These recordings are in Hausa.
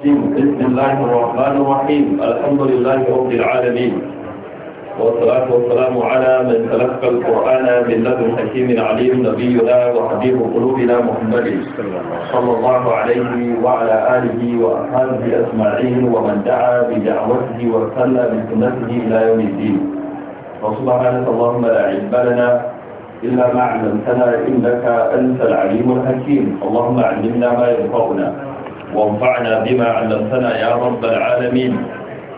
بسم الله الرحمن الرحيم الحمد لله رب العالمين والصلاة والسلام على من تلقى القرآن من لدن حكيم عليم نبينا وحبيب قلوبنا محمد صلى الله عليه وعلى آله وأصحابه أجمعين ومن دعا بدعوته وصلى بسنته إلى يوم الدين وسبحانك اللهم لا علم لنا إلا ما علمتنا إنك أنت العليم الحكيم اللهم علمنا ما ينفعنا وانفعنا بما علمتنا يا رب العالمين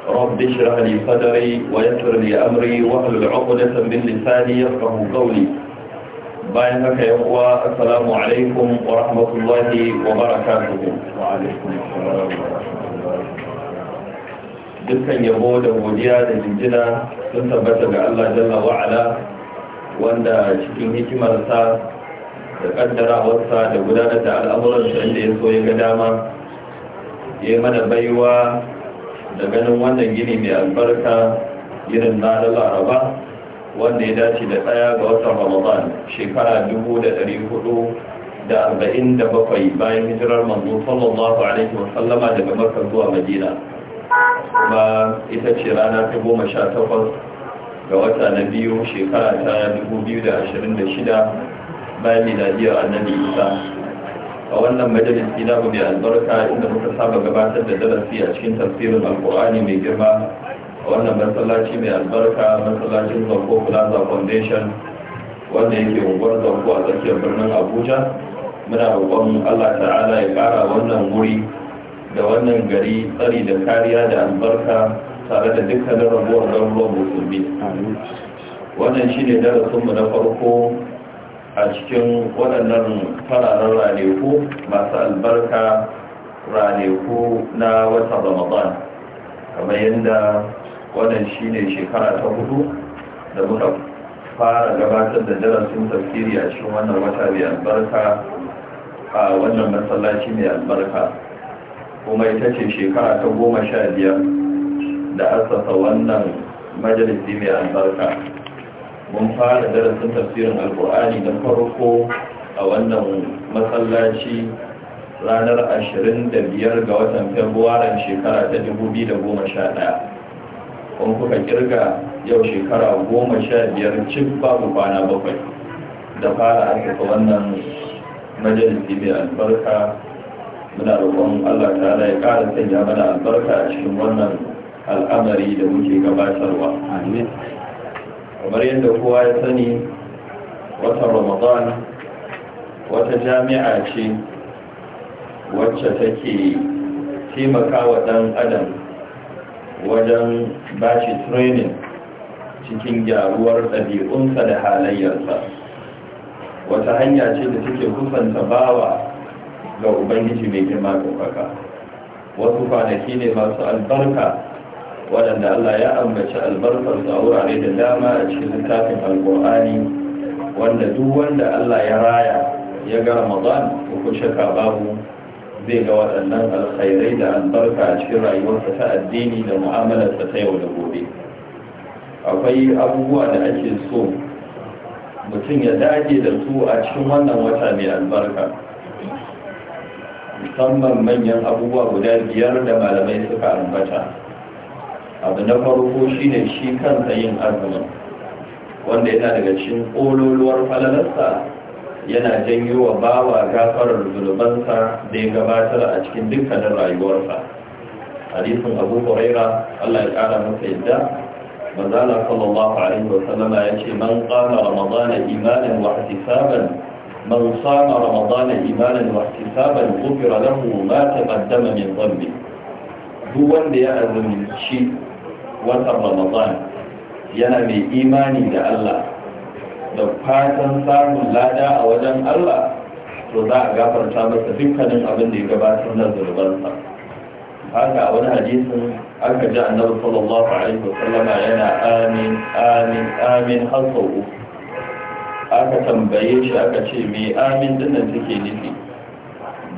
رب اشرح لي صدري ويسر لي امري واحلل عقده من لساني يفقه قولي باين لك يا اخوة السلام عليكم ورحمة الله وبركاته وعليكم السلام ورحمة الله وبركاته يهود يبود ابو دياد الجنجنة تنتبت بالله جل وعلا واندا شكي هيك رسال تقدر وصال وقدادة على الأمر عندي يسوي قداما ya mana baiwa da ganin wannan gini mai albarka irin na laraba wanda ya dace da daya ga watan ramadan shekara 447 bayan hijirar manzo sallallahu alaihi sallama daga makka zuwa madina kuma ita ce rana ta goma sha takwas ga wata na biyu shekara ta 2026 bayan miladiyar annabi isa a wannan majalisi na mai albarka inda muka saba gabatar da darasi a cikin tafsirin alkur'ani mai girma a wannan masallaci mai albarka masallacin zanko plaza foundation wanda yake unguwar zanko a tsakiyar birnin abuja muna roƙon allah ta'ala ya ƙara wannan wuri da wannan gari tsari da kariya da albarka tare da dukkanin rabuwar ɗan musulmi wannan shine darasinmu na farko a cikin waɗannan fararen raneku masu albarka raneku na watan ramadan kamar yadda wannan shi ne shekara ta hudu da muka fara gabatar da darasin tafsiri a cikin wannan wata mai albarka a wannan masallaci mai albarka kuma ita ce shekara ta goma sha biyar da asasa wannan majalisi mai albarka mun fara darasin tafsirin alkur'ani na farko a wannan masallaci ranar ashirin 25 ga watan februaren shekara ta 2011 kun kuka kirga yau shekara biyar cin babu kwana bakwai da fara aka wannan majalisi mai albarka muna roƙon allah ta ya kara sanya mana albarka a cikin wannan al'amari da muke gabatarwa kamar yadda kowa ya sani wata ramadan wata jami'a ce wacce take taimaka wa ɗan adam wajen bashi training cikin gyaruwar ɗabi'unsa da halayyarsa wata hanya ce da take kusanta bawa ga ubangiji mai girma ɗaukaka wasu kwanaki ne masu albarka waɗanda Allah ya ambaci albarkar a wurare da dama a cikin littafin alkur'ani wanda duk wanda Allah ya raya ya ga ramadan ko ko ka babu zai ga waɗannan alkhairai da albarka a cikin rayuwarsa ta addini da mu'amalarsa ta yau da gobe akwai abubuwa da ake so mutum ya dage da su a cikin wannan wata mai albarka musamman manyan abubuwa guda biyar da malamai suka ambata abu na farko shi ne shi kanta yin azumin wanda yana daga cikin ƙololuwar falalarsa yana janyo wa bawa gafarar zunubansa da ya gabatar a cikin dukkanin rayuwarsa hadisin abu huraira allah ya ƙara masa yadda manzala sallallahu alaihi wa sallama ya ce man qama ramadana imanin wa ihtisaban man sama ramadana imanin wa ihtisaban ghufira lahu ma taqaddama min dhanbi duk wanda ya shi. watan ramadan yana mai imani da Allah da fatan samun lada a wajen Allah to za a gafarta masa dukkanin abin da ya gabatar da zurbansa haka a wani hadisin aka ji annabi sallallahu alaihi wasallam yana amin amin amin har sau aka tambaye shi aka ce me amin dinnan take nufi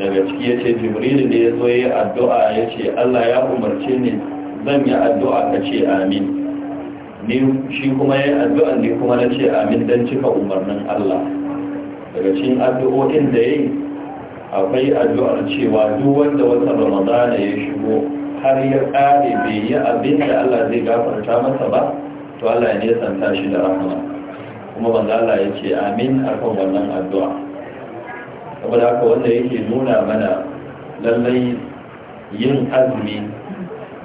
daga ciki ya ce jibril da ya zo ya addu'a ya ce allah ya umarce ni zan yi addu'a ka ce amin ni shi kuma ya yi addu'a ne kuma na ce amin don cika umarnin Allah daga cikin addu'o'in da ya yi akwai addu'ar cewa duk wanda wata ramadana ya shigo har ya ƙare bai yi abin da Allah zai gafarta masa ba to Allah ya nesanta shi da rahama kuma banza Allah ya ce amin akan wannan addu'a saboda haka wanda yake nuna mana lallai yin azumi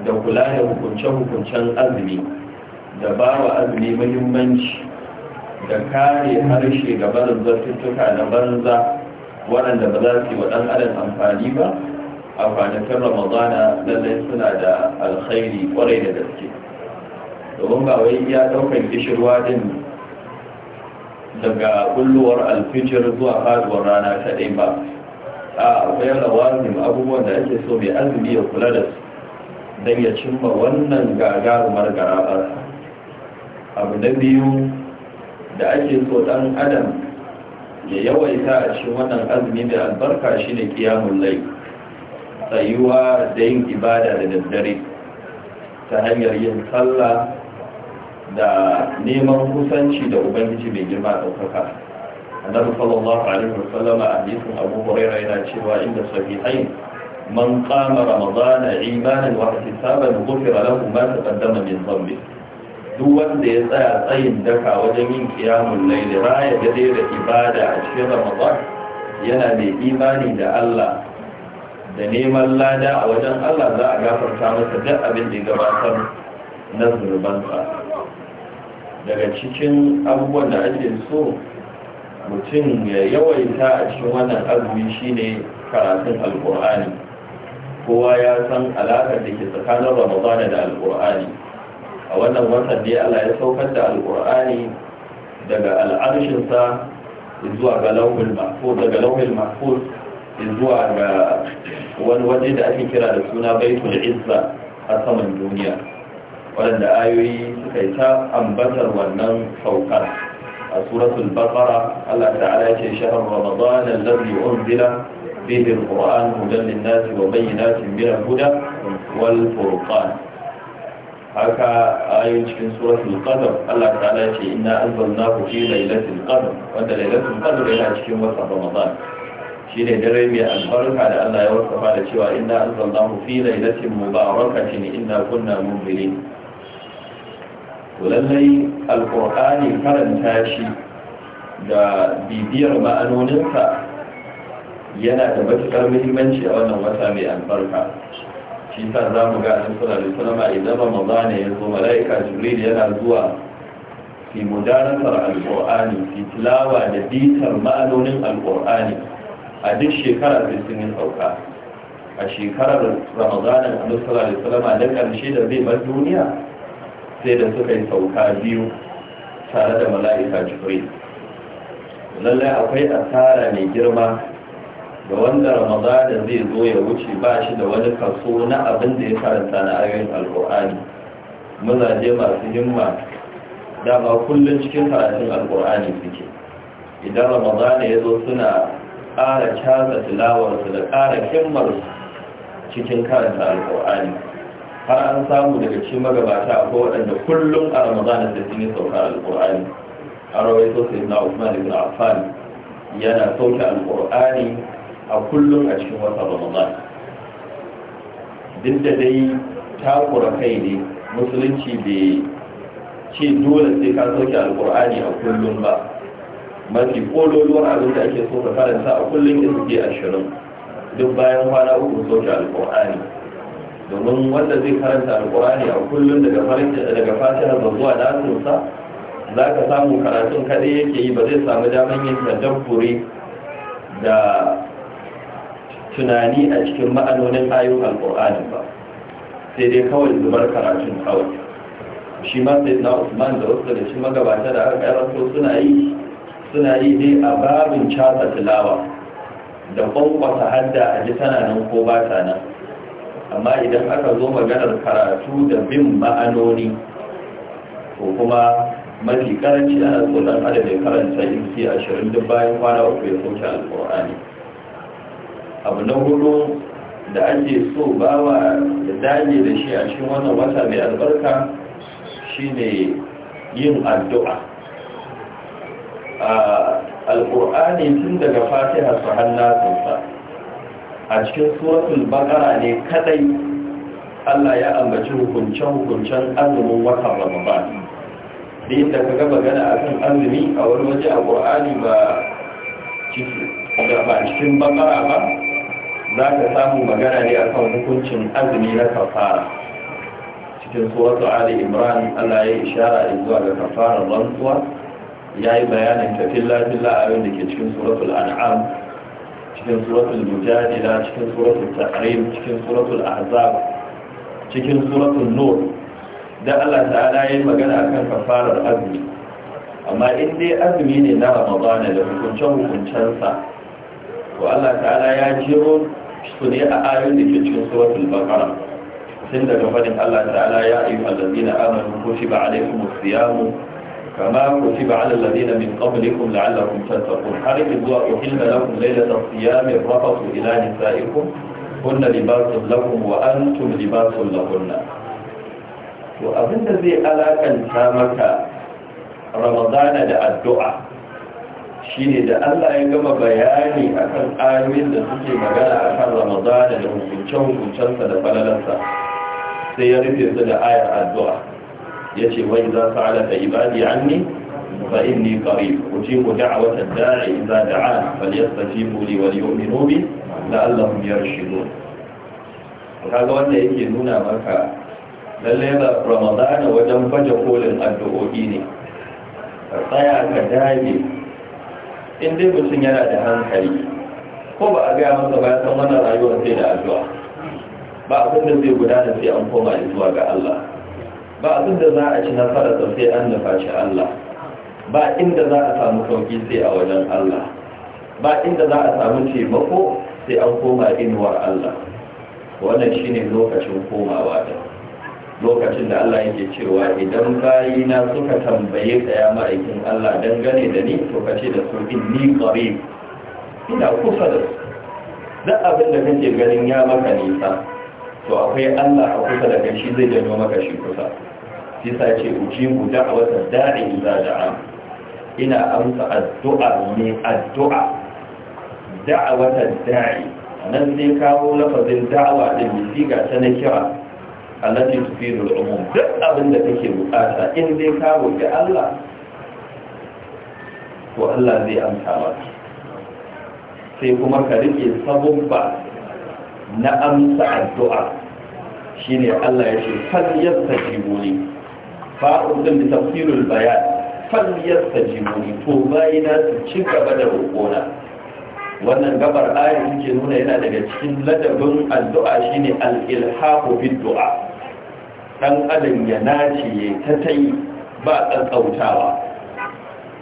da kula da hukunce-hukuncen azumi da ba wa azumi muhimmanci da kare harshe ga barin zartuttuka da banza waɗanda ba za su yi wa ɗan adam amfani ba a kwanakin ramadana lallai suna da alkhairi kwarai da gaske domin ba wai ɗaukar kishirwa din daga kulluwar alfijir zuwa faduwar rana kaɗai ba a akwai lawazin abubuwan da ake so mai azumi ya kula da su don ya cimma wannan gagarumar garabar abu na biyu da ake so ɗan adam ya yawaita a cikin wannan azumi da albarka shi ne kiyamun lai tsayuwa da yin ibada da daddare ta hanyar yin sallah da neman kusanci da ubangiji mai girma ɗaukaka annabi sallallahu alaihi wasallama a hadisin abu hurairah yana cewa inda sahihain من قام رمضان ايمانا واحتسابا غفر له ما تقدم من ذنبه duk wanda ya tsaya tsayin daka wajen yin kiyamun laili raya gade da ibada a cikin ramadan yana mai imani da Allah da neman lada a wajen Allah za a gafarta masa duk abin da ya gabatar na zurbansa daga cikin abubuwan da ake so mutum ya yawaita a cikin wannan azumi shine karatun alkur'ani kowa ya san alaƙar da ke tsakanin ramadana da al'urani. a wannan watan dai allah ya saukar da al'urani daga al'arshinsa zuwa ga lauhul mahfuz daga lauhul mahfuz zuwa ga wani waje da ake kira da suna baitul izza a saman duniya waɗanda ayoyi suka yi ta ambatar wannan saukar a suratul baqara allah ta'ala ya ce shahar ramadana allazi unzila فيه القرآن هدى للناس وبينات من الهدى والفرقان haka ayoyin cikin suratul qadar Allah ta'ala ce inna anzalnahu fi lailatul qadr wanda lailatul qadr yana cikin watan ramadan shine dare mai albarka da Allah ya wasafa da cewa inna anzalnahu fi lailatin mubarakatin inna kunna munzirin to lallai alqur'ani karanta shi da bibiyar ma'anoninsa yana da matuƙar muhimmanci a wannan wata mai albarka shi ta za mu ga annabi sallallahu da sunama idan zane ya zo malaika jibril yana zuwa fi mudarasar alƙur'ani fi tilawa da bitar ma'anonin Alƙur'ani a duk shekara da sun yi sauka a shekarar ramadan annabi sallallahu da wasallam da karshe da zai bar duniya sai da suka yi sauka biyu tare da malaika jibril lallai akwai asara mai girma da wanda ramadana zai zo ya wuce ba shi da wani kaso na abin da ya karanta na ayoyin alkur'ani mazaje masu himma dama kullum cikin karatun alkur'ani suke idan ramadana ya zo suna ƙara caza tilawarsu da ƙara himmar cikin karanta alkur'ani har an samu daga cikin magabata ko waɗanda kullum a ramadana da sun yi saukar alkur'ani a rawaito sai na usman ibn affan yana sauke alkur'ani a kullum a cikin wata ramadan duk da dai takura kai ne musulunci bai ce dole sai ka sauke alkur'ani a kullum ba mafi kololuwar abin da ake so ka karanta a kullum ya suke ashirin duk bayan kwana uku sauke alkur'ani domin wanda zai karanta alkur'ani a kullum daga fatiha zuwa nasinsa za ka samu karatun kaɗai yake yi ba zai samu daman yin tadabburi da tunani a cikin ma'anonin ayyukan alƙur'ani ba sai dai kawai zubar karatun kawai shi ma sai na usman da wasu da shi magabata da aka karanto suna yi suna yi dai a babin casa tilawa da kwankwasa hadda a ji tana nan ko ba ta nan amma idan aka zo maganar karatu da bin ma'anoni ko kuma mafi karanci ana tsoron adadin karanta inci ashirin duk bayan kwana uku ya soke alƙur'ani abu na hudu da ake so bawa da dage da shi a cikin wannan wata mai albarka shine yin addu'a a alƙur'ani tun daga fatiha su hannatunsa a cikin suratul baƙara ne kadai allah ya ambaci hukuncen-hukuncen azumin watan ramadan da yadda ka gaba gana a kan azumi a wani waje a ƙur'ani ba cikin baƙara ba za ka samu magana ne akan hukuncin azumi na kafara cikin suratu ali imran allah ya yi ishara zuwa ga kafarar rantsuwa ya yi bayanin tafin lafilla a da ke cikin suratul al'am cikin suratul mujadila cikin suratul ta'arim cikin suratul azab cikin suratul nur da allah ta'ala ya yi magana akan kafarar azumi amma in dai azumi ne na ramadana da hukunce-hukuncensa to allah ta'ala ya jiro su ne a ayoyin da ke cikin suratul baqara tun daga fadin Allah ta'ala ya ayu allazina amanu kutiba alaykumus siyam kama kutiba alal ladina min qablikum la'allakum tattaqun har zuwa uhilla lakum laylatas siyam rafatu ila nisaikum kunna libasun lakum wa antum libasun lahunna to abinda zai alakanta maka ramadana da addu'a Shi ne da Allah ya gama bayani akan ayoyin da suke magana a kan Ramadana da hukuncen-hukuncensa da falalansa sai ya rufe su da ayar addu'a ya ce wai za su ala ibadi an ne fa in ni qarib ujibu da'wata da'i idza da'an falyastajibu li wal yu'minu bi la'allahum yarshudun kaga wanda yake nuna maka lalle Ramadana wajen baje kolin addu'o'i ne ka tsaya ka dage in dai mutum yana da hankali ko ba a gaya masa ba san wannan rayuwar sai da addu'a ba abin da zai gudana sai an koma zuwa ga Allah ba abin da za a ci nasara sai an nufa shi Allah ba inda za a samu sauki sai a wajen Allah ba inda za a samu taimako sai an koma inuwar Allah wannan shine lokacin komawa da lokacin da Allah yake cewa idan bayina suka tambaye ka ma'aikin Allah dangane da ni to kace da su inni qarib ina kusa da su duk abin da kake ganin ya maka nisa to akwai Allah a kusa da kai shi zai janyo maka shi kusa shi sa ce ujibu da'wata da'i da da'a ina amsa addu'a ne addu'a da'wata da'i nan zai kawo lafazin da'awa din bisiga ta na kira alladhi yufidu al-umum duk abin da kake bukata in zai kawo roki Allah to Allah zai amsa maka sai kuma ka rike sabubba na amsa addu'a shine Allah ya ce fal yastajibu li fa'u din tafsirul bayan fal yastajibu li to bayina su ci gaba da roƙona wannan gabar ayar suke nuna yana daga cikin ladabin addu'a shine al-ilhaqu bid du'a dan adam ya nace ya ta tai ba tsantsautawa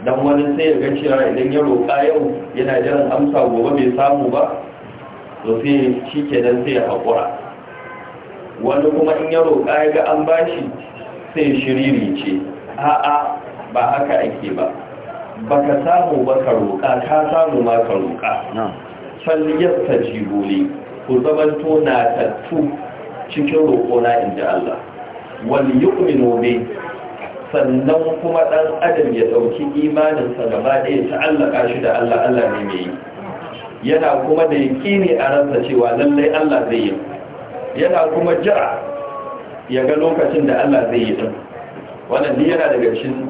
dan wani sai ya ga cewa idan ya roƙa yau yana jiran amsa gobe bai samu ba to sai shi dan sai ya haƙura wani kuma in ya roƙa ya ga an bashi sai shiriri ce a'a ba haka ake ba baka samu ba ka roƙa ka samu ma ka roƙa falyasta jibuli ku zamanto na tattu cikin roƙona na inda Allah wani yu'minu ne? sannan kuma ɗan adam ya ɗauki imaninsa gaba ɗaya ta allaka shi da Allah Allah ne mai yi yana kuma da ne a ransa cewa lallai Allah zai yi yana kuma jira ya ga lokacin da Allah zai yi din wannan ne yana daga cikin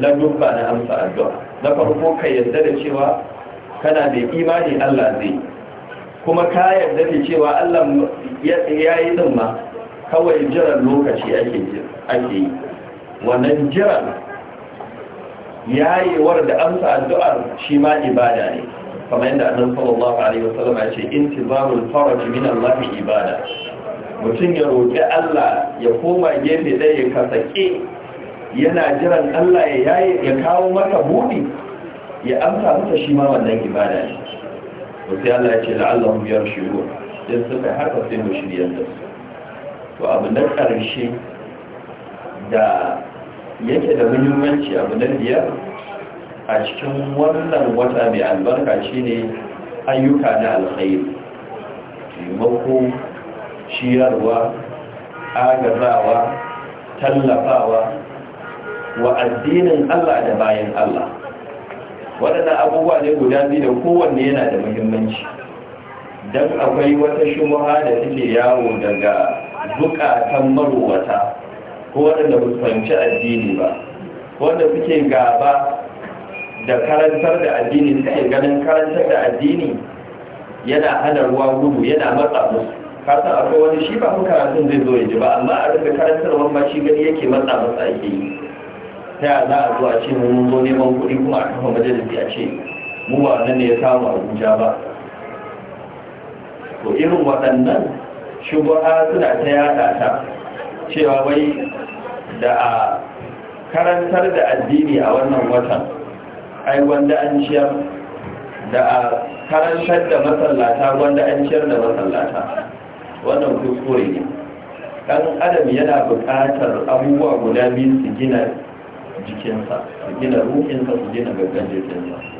ladubba na amsa addu'a na farko ka yarda da cewa kana da imani Allah zai kuma ka yarda da cewa Allah ya yi din ma kawai jiran lokaci ake yi wannan jiran yayewar da amsa addu'ar shi ma ibada ne kamar yadda annan sallallahu alaihi wasallam ya ce intizamul faraj min Allah ibada mutum ya roƙi Allah ya koma gefe ɗaya ka kasake yana jiran Allah ya yaye ya kawo maka buɗi ya amsa masa shi ma wannan ibada ne to sai Allah ya ce la'allahum yarshudu dan suka haka sai mu shirya. da su to abu na ƙarshe da yake da muhimmanci abu na biyar a cikin wannan wata mai albarka shi ne ayyuka na alkhairu, taimako ciyarwa agazawa tallafawa wa addinin allah da bayan allah waɗannan abubuwa ne guda biyu da kowanne yana da muhimmanci don akwai wata shumuha da take yawo daga bukatan marowata ko waɗanda ba su fahimci addini ba wanda suke gaba da karantar da addini suke ganin karantar da addini yana hana ruwa gudu yana matsa musu kasa akwai wani shi ba karatun zai zo ya ji ba amma a rika karantarwar ma shi gani yake matsa musu ake yi ta yi za a zuwa ce mun zo neman kuɗi kuma a kafa majalisi a ce mu ba nan ne ya samu abuja ba to irin waɗannan shubuha suna ta yada ta cewa wai da a karantar da addini a wannan watan ai wanda an ciyar da a karantar da masallata wanda an ciyar da masallata wannan kuskure ne ɗan adam yana buƙatar abubuwa guda biyu su gina jikinsa su gina ruhinsa su gina gaggan jikinsa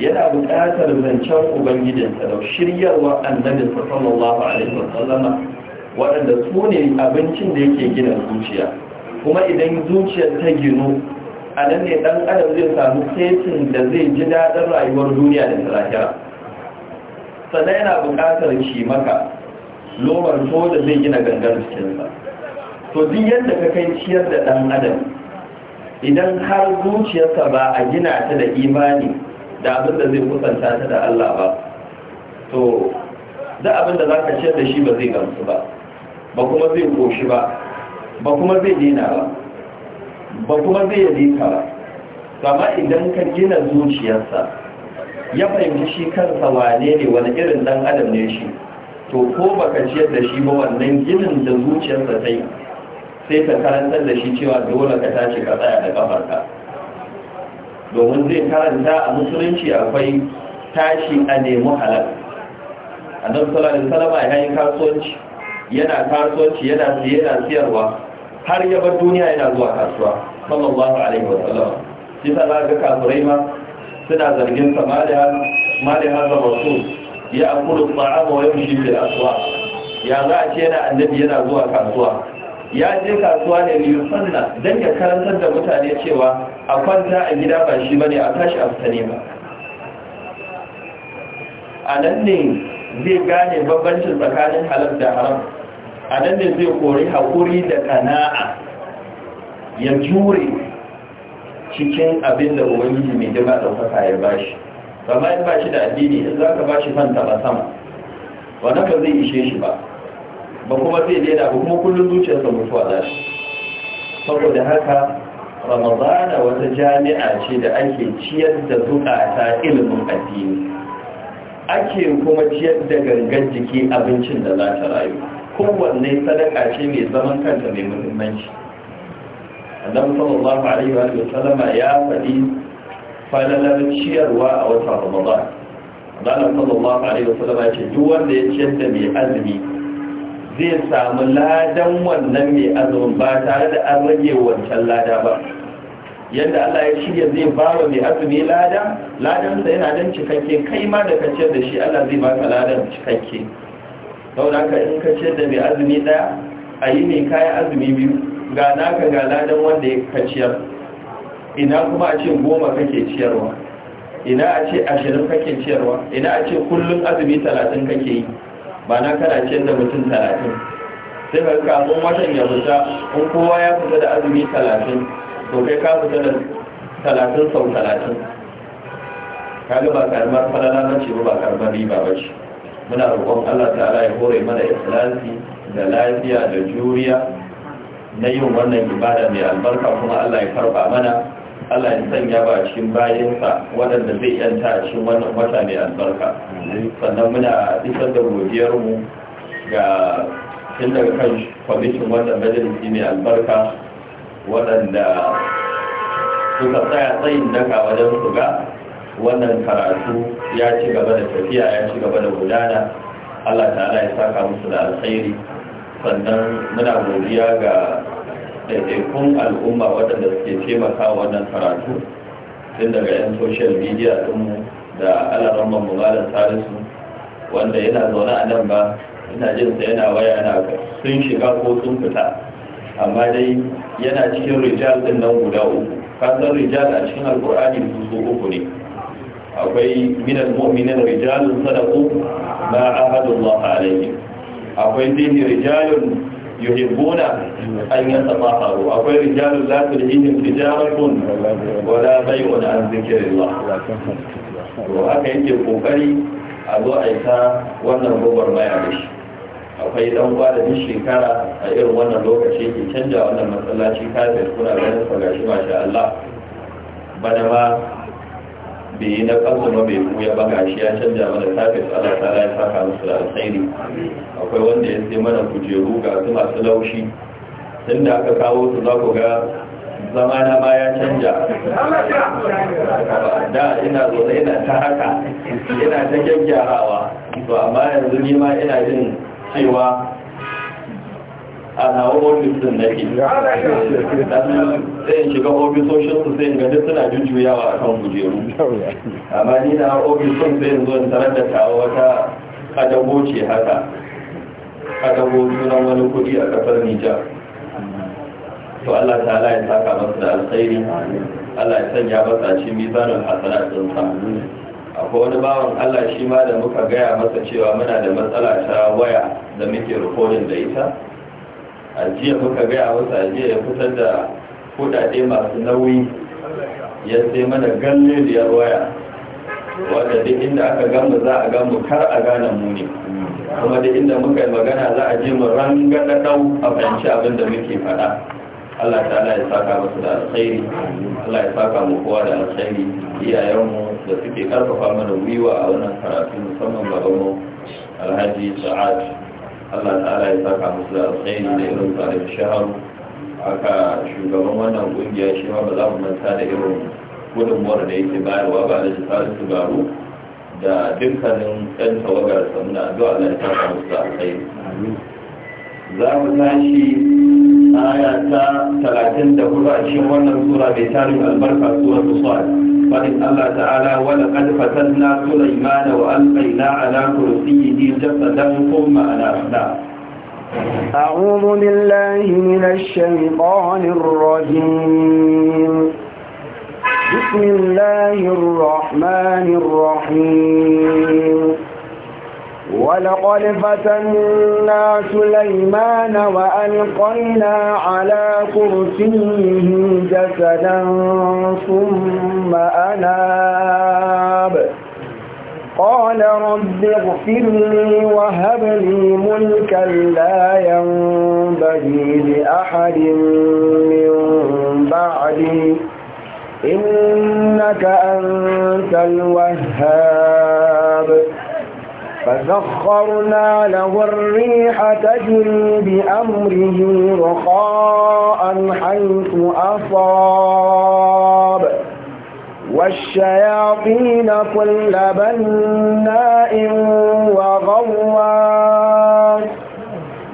yana buƙatar zancen ubangijinsa da shiryarwa annabi sallallahu alaihi wasallama waɗanda su ne abincin da yake gina zuciya kuma idan zuciyar ta gino a nan ne ɗan adam zai samu setin da zai ji daɗin rayuwar duniya da tsakira sannan yana buƙatar shi maka lomar so da zai gina gangar cikinsa to duk yadda ka kai ciyar da ɗan adam idan har zuciyarsa ba a gina ta da imani da abin da zai kusanta ta da Allah ba to da abin da za ka ciyar da shi ba zai gamsu ba ba kuma zai koshi ba ba kuma zai dina ba ba kuma zai yadita ba amma idan ka gina zuciyarsa ya fahimci shi kansa wane ne wani irin dan adam ne shi to ko baka ciyar da shi ba wannan ginin da zuciyarsa ta yi sai ka karantar da shi cewa dole ka tashi ka tsaya da kafarka domin zai karanta a musulunci akwai tashi a nemi halal A sallallahu alaihi Salama ya yi kasuwanci yana kasuwanci yana siye na siyarwa har yaba duniya yana zuwa kasuwa sallallahu alaihi wasallam shi sa za ga kasurai ma suna zargin sa ma da hazar rasul ya akulu ta'ama wa yamshi bil ya za a ce yana annabi yana zuwa kasuwa ya je kasuwa ne ne sanna don ya karantar da mutane cewa a kwanta a gida ba shi bane a tashi a fita ba a nan ne zai gane babbancin tsakanin halar da haram a nan ne zai kori haƙuri da kana'a ya jure cikin abin da ubangiji mai jima ɗaukaka ya bashi amma ba shi da addini in za ka ba fanta ba sama Wani ka zai ishe shi ba ba kuma zai daina ba kuma kullum zuciyarsa mutuwa za shi saboda haka ramadana wata jami'a ce da ake ciyar da zukata ilimin addini ake kuma ciyar da gangan jiki abincin da za ta rayu kowanne sadaka ce mai zaman kanta mai muhimmanci annabi sallallahu alaihi wa sallama ya faɗi falalar ciyarwa a watan ramadan annabi sallallahu alaihi wa ya ce duk wanda ya ciyar da mai azumi zai samu ladan wannan mai azumin ba tare da an rage wancan lada ba yadda Allah ya shirya zai ba wa mai azumi lada ladan sa yana dan cikakke kai ma da kaciyar da shi Allah zai baka ladan cikakke saboda ka in kaciyar da mai azumi daya a yi mai kaya azumi biyu ga naka ga ladan wanda ya kaciyar ina kuma a ce goma kake ciyarwa ina a ce ashirin kake ciyarwa ina a ce kullum azumi talatin kake yi ba na kana ciyar da mutum talatin sai ka kafin watan ya fita in kowa ya fita da azumi talatin to kai ka fita da talatin sau talatin kaga ba karamar falala na ce ba karamar riba ba ce muna roƙon allah ta'ala ya hore mana ikhlasi da lafiya da juriya na yin wannan ibada mai albarka kuma allah ya farba mana Allah ya sanya ba a cikin bayansa waɗanda zai yanta a cikin wannan wata mai albarka sannan muna isar da godiyarmu ga tun daga kan kwamitin wannan majalisi mai albarka waɗanda suka tsaya tsayin daga wajen su ga wannan karatu ya ci gaba da tafiya ya ci gaba da gudana Allah ta'ala ya saka musu da alkhairi sannan muna godiya ga ɗaiɗaikun al'umma waɗanda suke taimaka wannan karatu tun daga 'yan social media ɗinmu da alaramman mumalin salisu wanda yana zaune a nan ba ina jin sa yana waya na sun shiga ko sun fita amma dai yana cikin rijal din nan guda uku kasan rijal a cikin alƙur'ani su uku ne akwai minan mu'minin rijalun sadaku ma ahadullah alayhi akwai zini rijalun yuhibbuna an yatafaharu akwai rijalun la tulhihim tijaratun wala bai'un an zikrillah to haka yake kokari a zo a yi wannan gobar maya da shi akwai dan uwa da duk shekara a irin wannan lokaci ke canja wannan masallaci kafin kuna ganin sa gashi masha Allah bana ma bai na na kasama bai buya ba ga shi ya canja mana tafis Allah ta ya saka musu da alkhairi akwai wanda ya sai mana kujeru ga su masu laushi tun da aka kawo su za ku ga zamana ma ya canja da ina zaune ina ta haka ina ta gyaggyarawa to amma yanzu ni ma ina jin cewa a nawa ofisun na ke sai shiga ofisoshin su sai gani suna jujjuyawa a kan kujeru amma ni na ofisun sai zo in tarar da tawa wata kadago haka kadago sunan wani kudi a kasar nijar to Allah ta'ala ya saka masu da alkhairi Allah ya sanya masa shi mizanin hasanat din sa akwai wani bawan Allah shi ma da muka gaya masa cewa muna da matsala ta waya da muke recording da ita ajiya muka gaya wasu ajiya ya fitar da kudade masu nauyi ya sai mana galle da waya wadda duk inda aka gamu za a gamu kar a gane mu ne kuma duk inda muka yi magana za a je mu da dau a fahimci abin da muke faɗa Allah ta Allah ya saka musu da alkhairi Allah ya saka mu kowa da alkhairi iyayenmu da suke karfafa mana gwiwa a wannan karatu musamman babanmu alhaji sa'ad Allah ta'ala ya saka musu da alkhairi da irin tsarin shahar aka shugaban wannan kungiya shi ma ba za mu manta da irin gudunmuwar da yake bayarwa ba da shi tsarin tubaru da dukkanin ɗan tawagar samuna addu'a Allah ya saka musu da alkhairi za mu tashi aya ta 34 a cikin wannan sura mai tarin albarka suwar musuwar فإن الله تعالى ولقد فتنا سليمان وألقينا على كرسيه جسدا ثم أنافناه أعوذ بالله من الشيطان الرجيم بسم الله الرحمن الرحيم ولقد فتنا سليمان وألقينا على كرسيه جسدا ثم أناب قال رب اغفر لي وهب لي ملكا لا ينبغي لأحد من بعدي إنك أنت الوهاب فسخرنا له الريح تجري بأمره رخاء حيث أصاب والشياطين كل بناء وغواص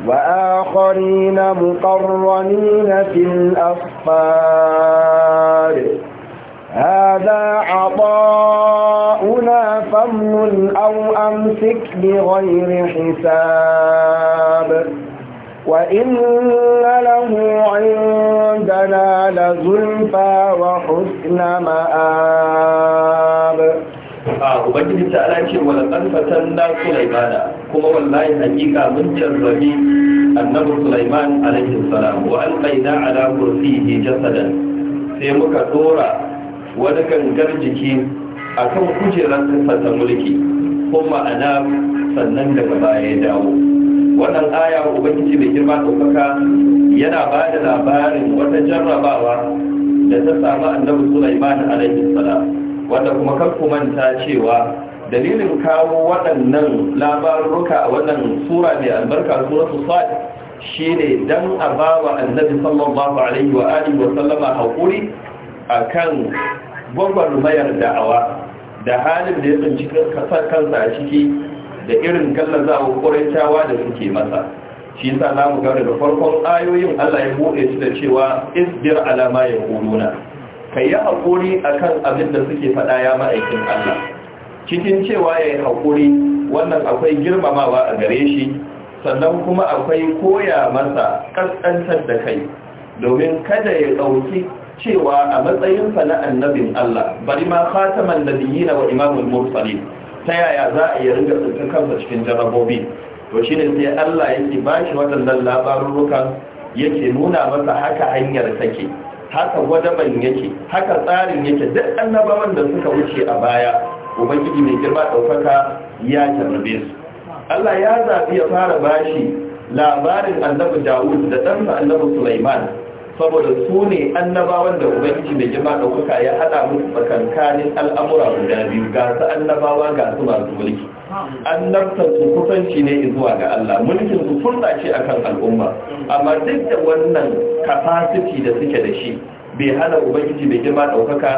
وآخرين مقرنين في الأصفار هذا عطاؤنا فمن أو أمسك بغير حساب وإن له عندنا لزلفى وحسن مآب Ubangiji ta ala ce wa laƙarfatan na Sulaimana kuma wallahi hakika mun jarrabi annabi Sulaiman alaihi salam wa alƙaida ala kursiyi jasadan sai muka dora wani gangar jiki a kan kujerar kasar mulki kuma ma'ana sannan daga baya ya dawo wannan aya ubangiji da girma ɗaukaka yana ba da labarin wata jarrabawa da ta samu annabi sulaiman alaihi salam wanda kuma kan manta cewa dalilin kawo waɗannan labaruka a wannan sura mai albarka sa'i shi ne don a bawa annabi sallallahu alaihi wa alihi wa sallama a kan. mayar da'awa da halin da ya tsinci kansa a ciki da irin gallazawa ƙuraitawa da suke masa shi sa za mu gane da farkon ayoyin Allah ya buɗe su da cewa isbir alama ya kuluna ka yi haƙuri a kan abin da suke faɗa ya ma'aikin Allah cikin cewa ya yi haƙuri wannan akwai girmamawa a gare shi sannan kuma akwai koya masa ƙasƙantar da kai domin kada ya ɗauki cewa a matsayinsa na annabin Allah bari ma khataman nabiyina wa imamul mursalin ta yaya za a yi ringa tsinkan kansa cikin jarabobi to shine sai Allah yake ba shi waɗannan labarurukan yake nuna masa haka hanyar take haka wadaban yake haka tsarin yake duk annabawan da suka wuce a baya ubangiji mai girma ɗaukaka ya jarrabe su Allah ya zaɓi ya fara bashi labarin annabi Dawud da ɗansa annabi Sulaiman saboda su ne annabawan da ubangiji mai jima ɗaukaka ya haɗa musu tsakankanin al'amura guda biyu ga su annabawa ga su masu mulki su kusanci ne zuwa ga Allah mulkin su furta ce akan al'umma amma duk da wannan kafasiti da suke da shi bai hana ubangiji mai jima ɗaukaka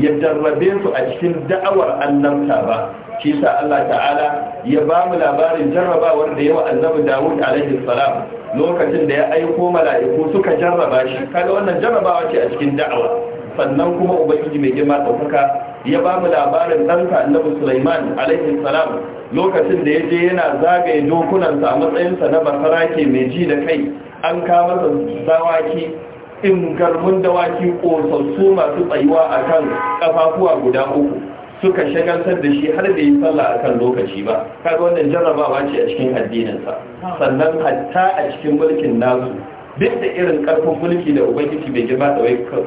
ya darrabe su a cikin da'awar annabta ba shi sa Allah ta'ala ya ba mu labarin jarrabawar da yawa annabi Dawud alaihi salam lokacin da ya aiko mala'iku suka jarraba shi kaga wannan jarrabawa ce a cikin da'awa sannan kuma ubangiji mai girma ɗaukaka ya ba mu labarin ɗanka annabi Sulaiman alaihi salam lokacin da ya je yana zagaye dokunansa a matsayinsa na basarake mai ji da kai an kama masa dawaki In garmun dawaki ƙosassu masu tsayuwa a kan ƙafafuwa guda uku suka shagaltar da shi har da yi sallah a kan lokaci ba kaga wannan jarrabawa ce a cikin addininsa sannan hatta a cikin mulkin nasu duk da irin ƙarfin mulki da ubangiji bai girma da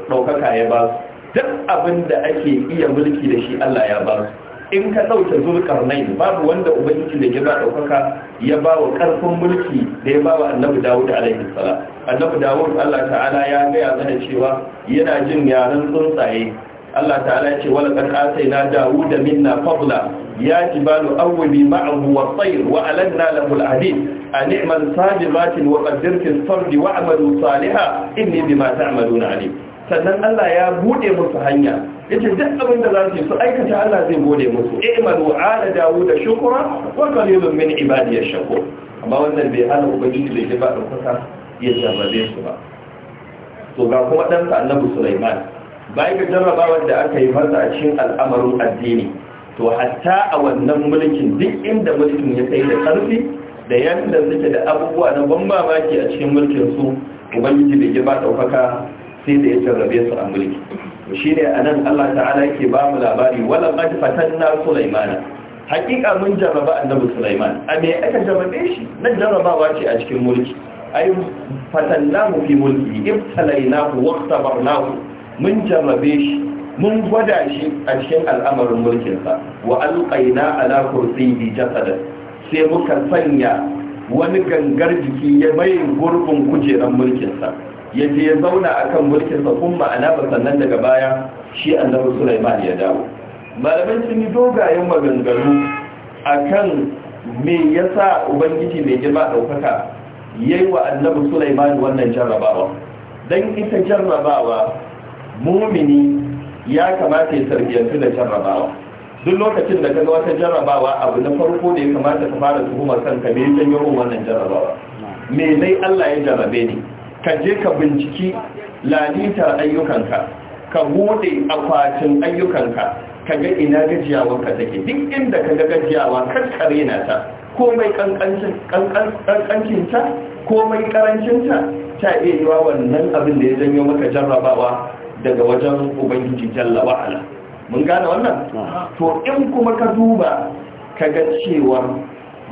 ɗaukaka ya ba su duk abin da ake iya mulki da shi allah ya ba su in ka ɗauke zurkar nai babu wanda ubangiji da girma ɗaukaka ya ba wa ƙarfin mulki da ya ba wa annabi dawud alaihi salam annabi dawud allah ta'ala ya gaya mana cewa yana jin yaren tsuntsaye allah ta'ala ya ce wala kan asai na dawud da minna fadla ya jibalu awwali ma'ahu wa tsair wa alanna lahu al-hadid an i'mal sajibatin wa qaddir sardi wa amalu salihan inni bima ta'maluna alim sannan allah ya buɗe musu hanya yake duk abin da za su yi su aikata Allah zai gode musu i'mal wa ala dawud shukura wa qalilun min ibadiy shakur amma wannan bai hana ubangiji da ji ba da kuka ya jarrabe su ba to ga kuma dan sa annabi Sulaiman bai ga jarrabawar da aka yi masa a cikin al'amarin addini to hatta a wannan mulkin duk inda mulkin ya kai da karfi da yanda suke da abubuwa na ban mamaki a cikin mulkin su ubangiji bai ya ba sai da ya jarrabe su a mulki shi ne a nan allah ta'ala yake ba mu labari wala fatan fatanna sulaimana hakika mun jarraba annabi sulaiman a me aka jarrabe shi nan jarrabawa ce a cikin mulki ay fatannahu fi mulki ibtalaynahu waqtabarnahu mun jarrabe shi mun gwada shi a cikin al'amarin mulkinsa wa alqaina ala kursiyyi jasada sai muka sanya wani gangar jiki ya bai gurbin kujeran mulkinsa ya je ya zauna akan mulkin sa ma'ana ba sannan daga baya shi annabi Sulaiman ya dawo malamai sun yi dogayen maganganu akan me yasa ubangiji mai girma ya yi wa annabi Sulaiman wannan jarrabawa dan ita jarrabawa mumini ya kamata ya tarbiyyantu da jarrabawa duk lokacin da ka ga wata jarrabawa abu na farko da ya kamata ka fara tuhumar kanka me ya janyo wannan jarrabawa me dai Allah ya jarrabe ni ka je ka binciki lalitar ayyukanka ka bude akwatin ayyukanka ka ga ina gajiyawarka take duk inda ka ga gajiyawa karkare na ta komai kankancinta komai karancinta ta iya wannan abin da ya janyo maka jarrabawa daga wajen ubangiji jalla wa'ala mun gane wannan to in kuma ka duba ka ga cewa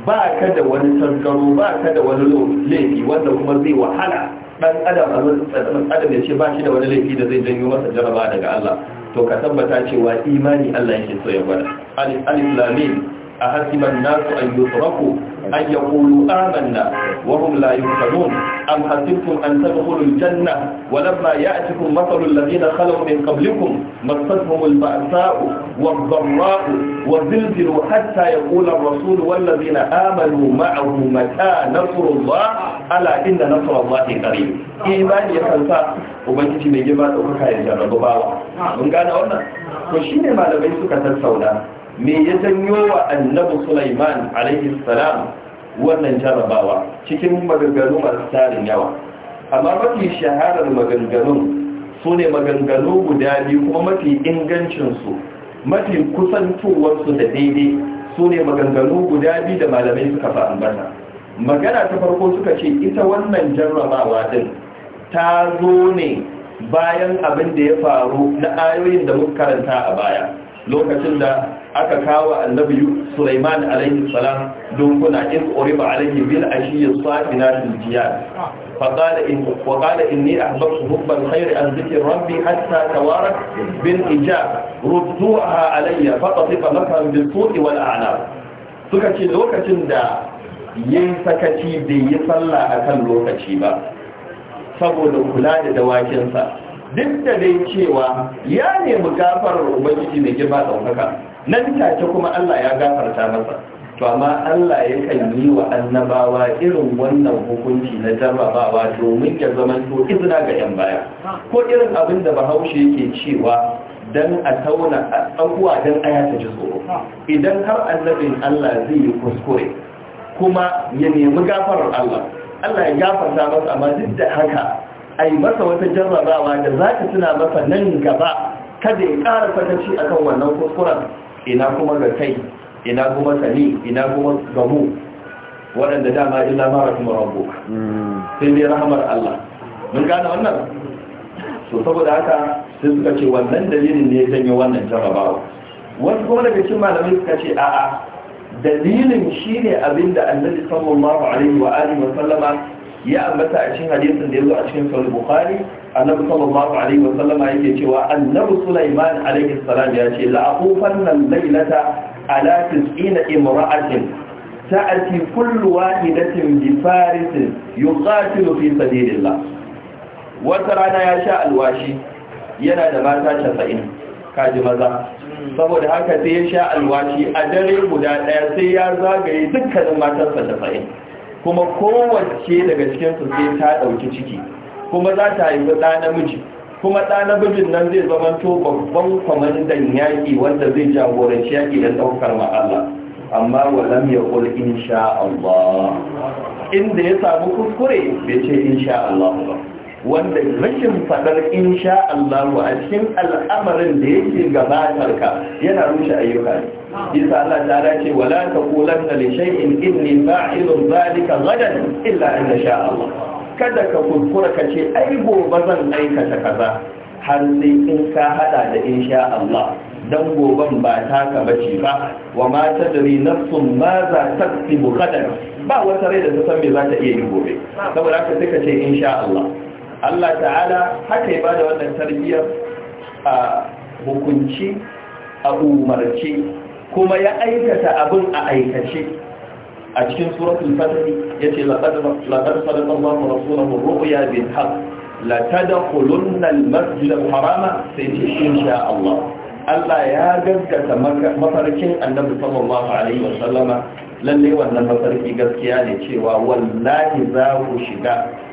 ba ka da wani sargaro ba ka da wani laifi wanda kuma zai wahala dan adam a matsayin adam ya ce ba shi da wani laifi da zai janyo masa jaraba daga Allah to ka tabbata cewa imani Allah yake so ya gwada alif alif a hasiman nasu ayyukuraku an ya kulu amanna wahum la yuftanun am hasibtum an tadkhulul janna wa lamma ya'tikum mathalul ladina khalaw min qablikum masadhum al ba'sa'u wad dharra'u wa zilzilu hatta yaqula ar rasul wal ladina amanu ma'ahu mata nasrullah ala inna nasrullahi qarib iman ya kansa ubangiji mai girma da kuka ya jarraba bawa mun gane wannan to shine malamai suka tattauna me ya janyo wa annabi Sulaiman alaihi salam wannan jarabawa cikin maganganu masu tarin yawa amma mafi shaharar maganganun su ne maganganu guda biyu kuma mafi ingancinsu mafi kusantowarsu da daidai su ne maganganu guda biyu da malamai suka fa ambata magana ta farko suka ce ita wannan jarrabawa din ta zo ne bayan abin da ya faru na ayoyin da muka karanta a baya lokacin da aka kawo annabi Sulaiman alayhi salam dunkuna in uriba alayhi bil ashiyyi safinatil jiyad in wa qala inni ahbabtu hubban khayr an dhikri rabbi hatta tawarat bil ijab rudduha alayya fa qatifa makran bil su'i wal suka ce lokacin da yin sakaci bai yi sallah a kan lokaci ba saboda kula da dawakin duk da dai cewa ya nemi gafarar ubangiji mai girma ɗaukaka nan take kuma Allah ya gafarta masa to amma Allah ya kan yi wa annabawa irin wannan hukunci na jarrabawa domin ya zama to izina ga yan baya ko irin abin da bahaushe yake cewa dan a tauna abuwa dan aya ta ji tsoro idan har annabin Allah zai yi kuskure kuma ya nemi gafarar Allah Allah ya gafarta masa amma duk da haka a yi masa wata jarrabawa da za ta tuna masa nan gaba kada ya ƙara sakaci kan wannan kuskuren ina kuma ga kai ina kuma sani ina kuma gamu waɗanda dama illa mara kuma rabu sai dai rahamar Allah mun gane wannan so saboda haka sai suka ce wannan dalilin ne ya janyo wannan jarrabawa wasu kuma daga cikin malamai suka ce a'a dalilin shine abinda annabi sallallahu alaihi wa alihi wa sallama ya ambata a cikin hadisin da ya zo a cikin sahih bukhari annabi sallallahu alaihi wa sallama yake cewa annabi sulaiman alaihi salam ya ce la aqufanna laylata ala tis'ina imra'atin ta'ati kullu wahidatin bi farisin yuqatilu fi sabilillah wata rana ya sha alwashi yana da mata 90 kaji maza saboda haka sai ya sha alwashi a dare guda daya sai ya zagaye dukkanin matarsa 90 kuma kowace daga cikinsu sai ta ɗauki ciki kuma za ta haifi ɗa namiji kuma ɗa namijin nan zai zama to babban kwamandan yaƙi wanda zai jagoranci yaƙi don ɗaukar Allah amma wa ya kul insha Allah inda ya samu kuskure bai ce insha Allah ba wanda rashin fadar insha Allah a cikin al'amarin da yake gabatar ka yana rushe ayyuka ne isa Allah ta dace wala taqulanna li in inni fa'ilun zalika gadan illa an sha Allah kada ka kuskura ka ce ai gobe zan aikata kaza har sai in ka hada da insha Allah dan goben ba ka bace ba wa ma tadri nafsun ma za gadan ba wata rai da ta san me za ta iya yi gobe saboda haka sai ka ce insha Allah Allah ta'ala haka ya da wannan tarbiyyar a hukunci a umarci kuma ya aikata abin a aikace a cikin suratul fatih yace laqad sadaqa Allahu rasulahu ru'ya bil haqq la tadkhulunna al masjid al harama sai insha Allah Allah ya gaskata mafarkin Annabi sallallahu alaihi wa sallama lalle wannan mafarki gaskiya ne cewa wallahi za ku shiga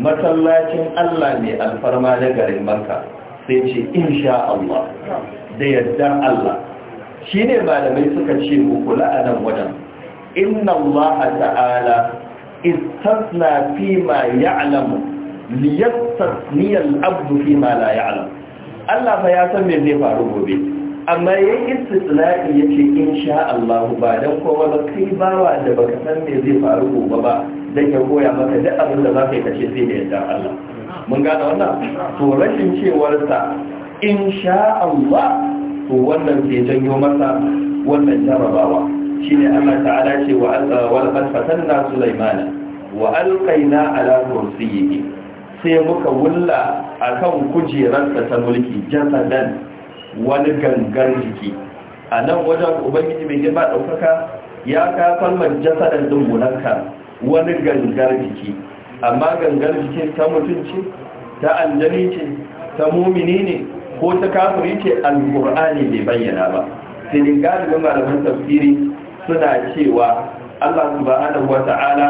masallacin Allah mai alfarma na garin Makka sai ce insha Allah da yadda Allah shine malamai suka ce ku kula a nan wajen inna Allah ta'ala istasna fi ma ya'lamu liyastasni al-abdu fi ma la ya'lam Allah fa ya san me zai faru gobe amma ya yi istisna'i ya ce in sha Allah ba don kowa ba kai bawa da baka san me zai faru gobe ba dan ya koya maka duk abin da za ka yi ce zai da yadda Allah mun gane wannan to rashin cewar sa sha Allah to wannan ke janyo masa wannan jarabawa shine Allah ta'ala ce wa wal fatanna Sulaiman wa alkaina ala kursiyyi sai muka wulla akan kujerarsa ta mulki jasadan wani gangar jiki a nan wajen ubangiji mai girma ɗaukaka ya kasa kalmar jasadan din munanka wani gangar jiki amma gangar jikin ta mutunci ta aljani ce ta mumini ne ko ta kafiri ce alkur'ani bai bayyana ba sai da galibin malaman tafsiri suna cewa Allah subhanahu wata'ala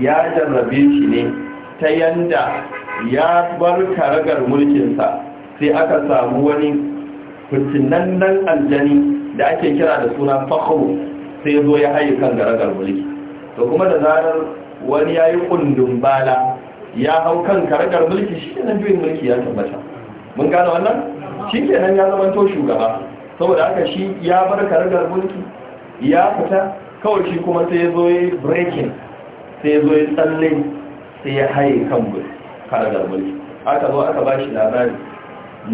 ya jarrabe shi ne ta yanda ya bar karagar mulkinsa sai aka samu wani fitinannen aljani da ake kira da suna fakhru sai zo ya haye kan garagar mulki to kuma da zarar wani ya yi kundin bala ya hau kan karakar mulki shi ne juyin mulki ya tabbata mun gane wannan shi nan ya zama to shugaba saboda haka shi ya bar karakar mulki ya fita kawai shi kuma sai ya zo ya yi sai ya zo ya tsalle sai ya haye kan karakar mulki aka zo aka ba shi labari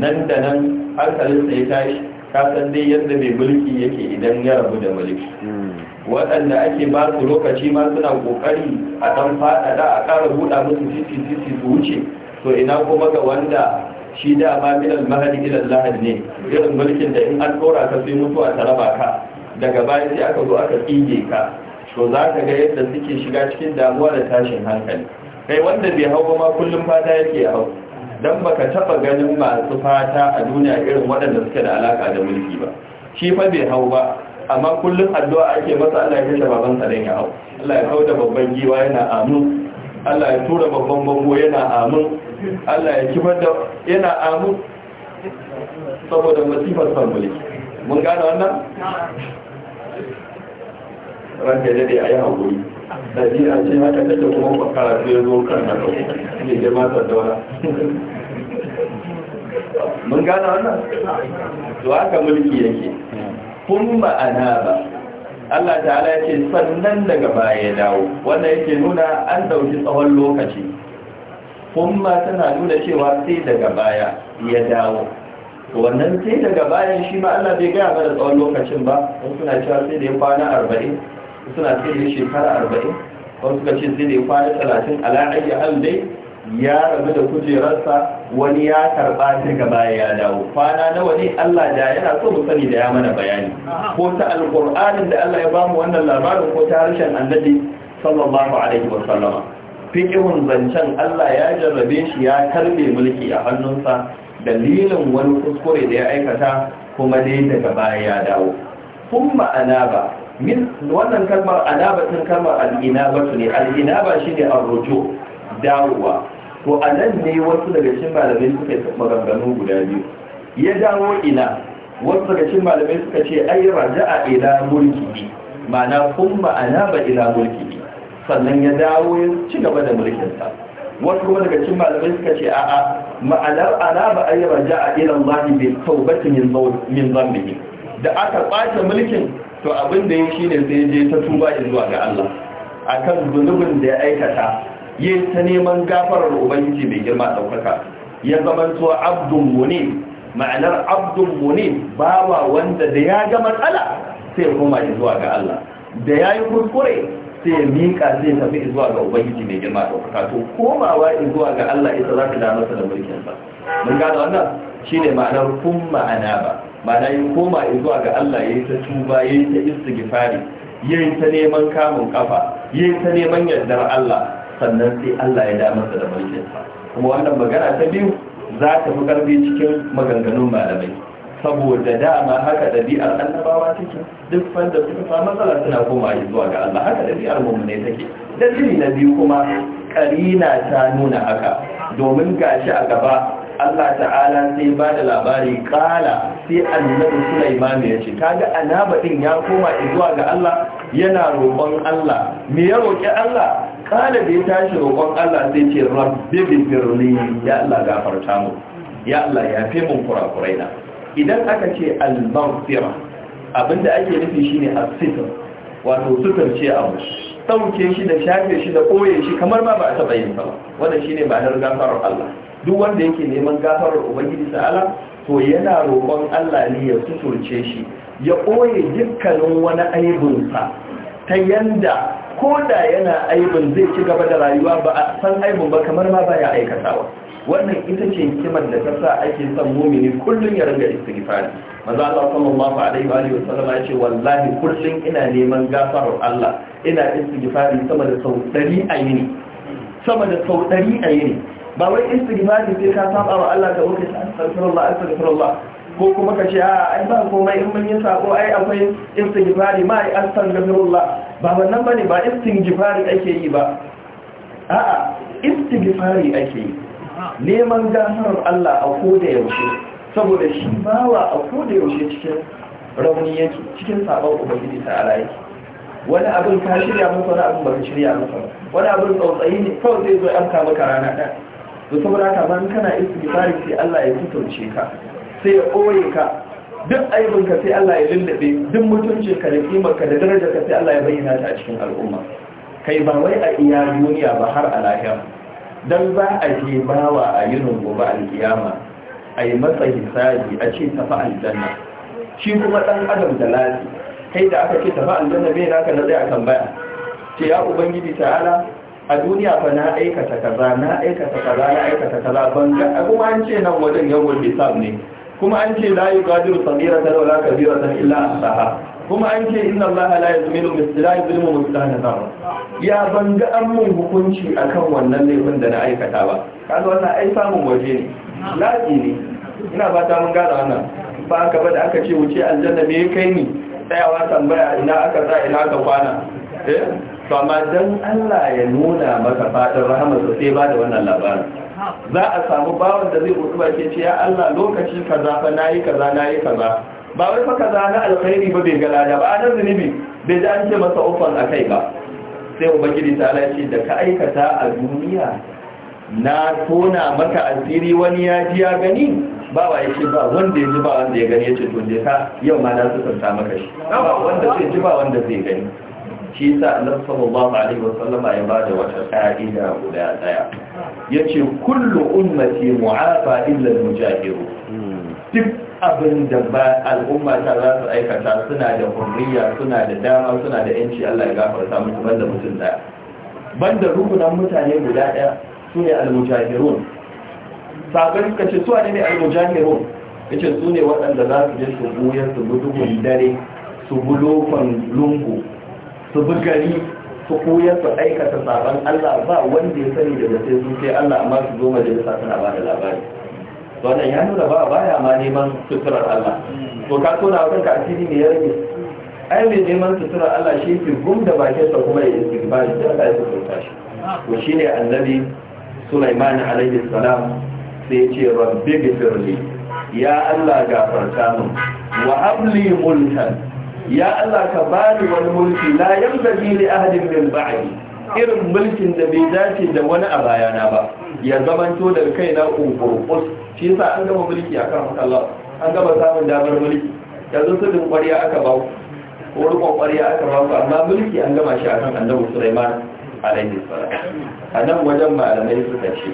nan da nan hankalinsa ya tashi kasan dai yadda mai mulki yake idan ya rabu da mulki hmm. waɗanda ake ba su lokaci ma suna ƙoƙari a ɗan faɗaɗa a ƙara buɗa musu titi titi su wuce to ina kuma ga wanda shi da ma minal mahadi ilal lahad ne irin mulkin da in an ɗora ka sai mutuwa ta raba ka daga baya sai aka zo aka tsige ka to za ka ga yadda suke shiga cikin damuwa da tashin hankali kai wanda bai hau ma kullum fata yake hau don baka taɓa ganin masu fata a duniya irin waɗanda suke da alaka da mulki ba shi fa bai hau ba amma kullum addu'a ake masa Allah ya kashe baban sa dan ya hau Allah ya da babban giwa yana amin Allah ya tura babban bango yana amin Allah ya kibar da yana amin saboda masifar san mulki mun gane wannan ranke da dai ayi hakuri da ji a ce haka take kuma bakara karatu ya zo kan haka ne ta daura. mun gane wannan to haka mulki yake kun ma'ana ba Allah ta'ala ya ce sannan daga baya dawo wanda yake nuna an dauki tsawon lokaci kuma tana nuna cewa sai daga baya ya dawo wannan sai daga bayan shi ma Allah bai gaya mana tsawon lokacin ba wasu suna cewa sai da ya kwana arba'in suna cewa shekara arba'in wasu suka ce sai da ya kwana talatin ala ayyi hal dai ya rabu da kujerarsa wani ya karba shi gaba ya dawo kwana nawa ne Allah da yana so mu sani da ya mana bayani ko ta alqur'anin da Allah ya bamu wannan labarin ko ta harshen annabi sallallahu alaihi wa sallama fiqhun zancan Allah ya jarrabe shi ya karbe mulki a hannunsa dalilin wani kuskure da ya aikata kuma dai daga baya ya dawo kuma anaba min wannan kalmar anaba tun kalmar al'inaba ne al'inaba shine arrujo dawowa to a nan ne wasu daga cikin malamai suka yi maganganu guda biyu ya dawo ina wasu daga cikin malamai suka ce ai a ila mulki ma'ana kun ma'ana ba ila mulki sannan ya dawo ya ci gaba da mulkin sa wasu kuma daga cikin malamai suka ce a'a ma'ana ana ba ai a ila Allah bi tawbati min zambihi da aka kwace mulkin to abin da yake shine sai je ta tuba zuwa ga Allah akan zunubin da ya aikata ya ta neman gafarar ubangiji mai girma daukaka ya tuwa abdun muni ma'anar abdun muni bawa wanda da ya ga matsala sai koma zuwa ga Allah da ya yi kuskure sai ya miƙa zai tafi zuwa ga ubangiji mai girma daukaka to komawa zuwa ga Allah ita za ta damarsa da mulkinsa mun gada wannan shi ne ma'anar kun ma'ana ba ma'ana yi koma zuwa ga Allah ya yi ta tuba ya yi ta istighfari ya ta neman kamun kafa ya yi ta neman yardar Allah sannan sai Allah ya da masa da sa kuma wannan magana ta biyu za ta fi karbi cikin maganganun malamai saboda dama haka ɗabi'ar annabawa take duk wanda suka fa matsala suna koma zuwa ga Allah haka ɗabi'ar mummune take dalili na biyu kuma ƙarina ta nuna haka domin gashi a gaba Allah ta'ala sai ba da labari kala sai annabi Sulaiman ya ce kaga anaba din ya koma zuwa ga Allah yana roƙon Allah me ya roƙi Allah kada da ya tashi roƙon Allah sai ce rabbi bifirli ya Allah gafarta mu ya Allah ya fi mun kurakurai na idan aka ce al-maghfira abinda ake nufi shine as-sitr wato sutar ce abu dauke shi da shafe shi da koye shi kamar ma ba a taba yin ba wannan shine ba har gafarar Allah duk wanda yake neman gafarar ubangiji ta'ala to yana roƙon Allah ne ya suturce shi ya koye dukkanin wani aibinsa ta yanda ko da yana aibin zai ci gaba da rayuwa ba a san aibin ba kamar ma baya aikatawa wannan ita ce hikimar da ta sa ake son mumini kullum ya ringa istighfari manzo Allah sallallahu alaihi wa alihi wasallam ya ce wallahi kullum ina neman gafarar Allah ina istighfari sama da sau 100 a yini sama da sau 100 a yini ba wai istighfari sai ka saba wa Allah ka wuce astaghfirullah astaghfirullah ko kuma ka ce a ah, ai ba komai in mun yi sako ai akwai istighfari ma ai astaghfirullah ba wannan bane ba istighfari ake yi ba a'a istighfari ake yi neman gafar Allah a koda yaushe saboda shi bawa a koda yaushe cikin rauni yake cikin sabon ubangiji ta'ala yake wani abin ka shirya masa wani abin ka shirya masa wani abin tsautsayi ne kawai zai zo amka maka rana ɗaya to saboda haka ban kana istighfari sai Allah ya tutauce ka sai ya ɓoye ka duk aibinka sai Allah ya lullube duk mutuncinka da kimarka da darajarka sai Allah ya bayyana ta a cikin al'umma kai ba wai a iya duniya ba har a lahira don za a je bawa a yinin gobe alkiyama a yi masa hisabi a ce tafi aljanna shi kuma ɗan adam da lafi kai da aka ce tafi aljanna bai naka na zai akan baya ce ya ubangiji ta'ala a duniya fa na aikata kaza na aikata kaza na aikata kaza ban ga kuma an ce nan wajen yawon hisab ne kuma an ce Samira ta da wala kabiratan illa ahsaha kuma an ce inna Allah la yuzmilu misla yuzlimu mustahana ya ban ga an mun hukunci akan wannan laifin da na aikata ba kaga wannan ai samun waje ne laji ne ina ta mun gane wannan ba ka ba da aka ce wuce aljanna me kai ni tsayawa tambaya ina aka sa ina aka kwana eh Fama don Allah ya nuna maka fatan, rahama su sai ba da wannan labarin za a samu bawan da zai mutu ba ke ce ya Allah lokaci kaza fa nayi kaza nayi kaza ba wai fa kaza na alkhairi ba bai ga lada ba na zinibi. bai ji an ce masa ufan kai ba sai ubangiji ta lace da ka aikata a duniya na tona maka asiri wani ya ji ya gani ba wa ya ba wanda ya ji ba wanda ya gani ya ce to ka yau ma na tsanta maka shi ba wanda zai ji ba wanda zai gani shi yasa Allah sallallahu alaihi wasallam ya bada wata ka'ida guda daya yace kullu ummati mu'afa illa al-mujahiru duk abin da ba al'umma ta za su aikata suna da hurriya suna da dama suna da yanci Allah ya gafarta musu banda mutum daya banda rukunan mutane guda daya su ne al-mujahirun sabon suka ce su ne al-mujahirun yace su ne waɗanda za su je su buya su bi duhun dare su bi lungu su bi gari su koya su aikata sabon Allah ba wanda ya sani daga sai sun sai Allah amma su zo majalisa suna ba da labari wannan ya nuna ba baya ma neman suturar Allah to ka tona wurin ka asiri ne ya rage ai mai neman suturar Allah shi ke gum da bakin sa kuma ya istighfar da Allah ya sutura shi to shine annabi Sulaiman alaihi salam sai ya ce rabbi firli ya Allah gafarta mu wa habli mulkan ya Allah ka bani wani mulki la yamzabi li ahadin min ba'di irin mulkin da bai dace da wani a bayana ba ya zamanto daga kaina kunkurkus shi yasa an gama mulki akan Allah an gama samun damar mulki yanzu sudin kwariya aka ba ko rukun kwariya aka ba amma mulki an gama shi akan Annabi Sulaiman alaihi salam anan wajen malamai suka ce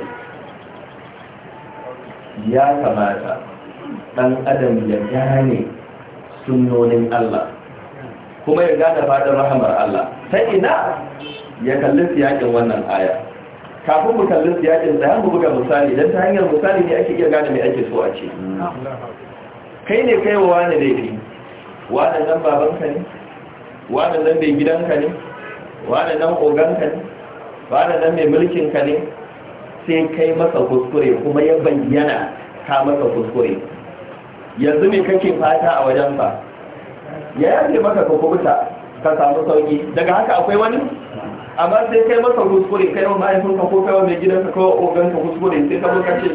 ya kamata ɗan adam ya gane sunnonin Allah kuma ya gane fadar rahamar Allah sai ina ya kalli siyakin wannan aya kafin mu kalli siyakin sai mu buga misali dan ta hanyar misali ne ake iya gane mai ake so a ce kai ne kai wa wani Wa wani nan babanka ne wani nan bai gidanka ne wani nan oganka ne wani nan mai mulkin ka ne sai kai masa kuskure kuma ya bayyana ka masa kuskure yanzu me kake fata a wajen sa ya yaje maka ka kubuta ka samu sauki daga haka akwai wani amma sai kai masa kuskure kai wa ka ko kai wa mai gidanka ko oganka kuskure sai ka buka ce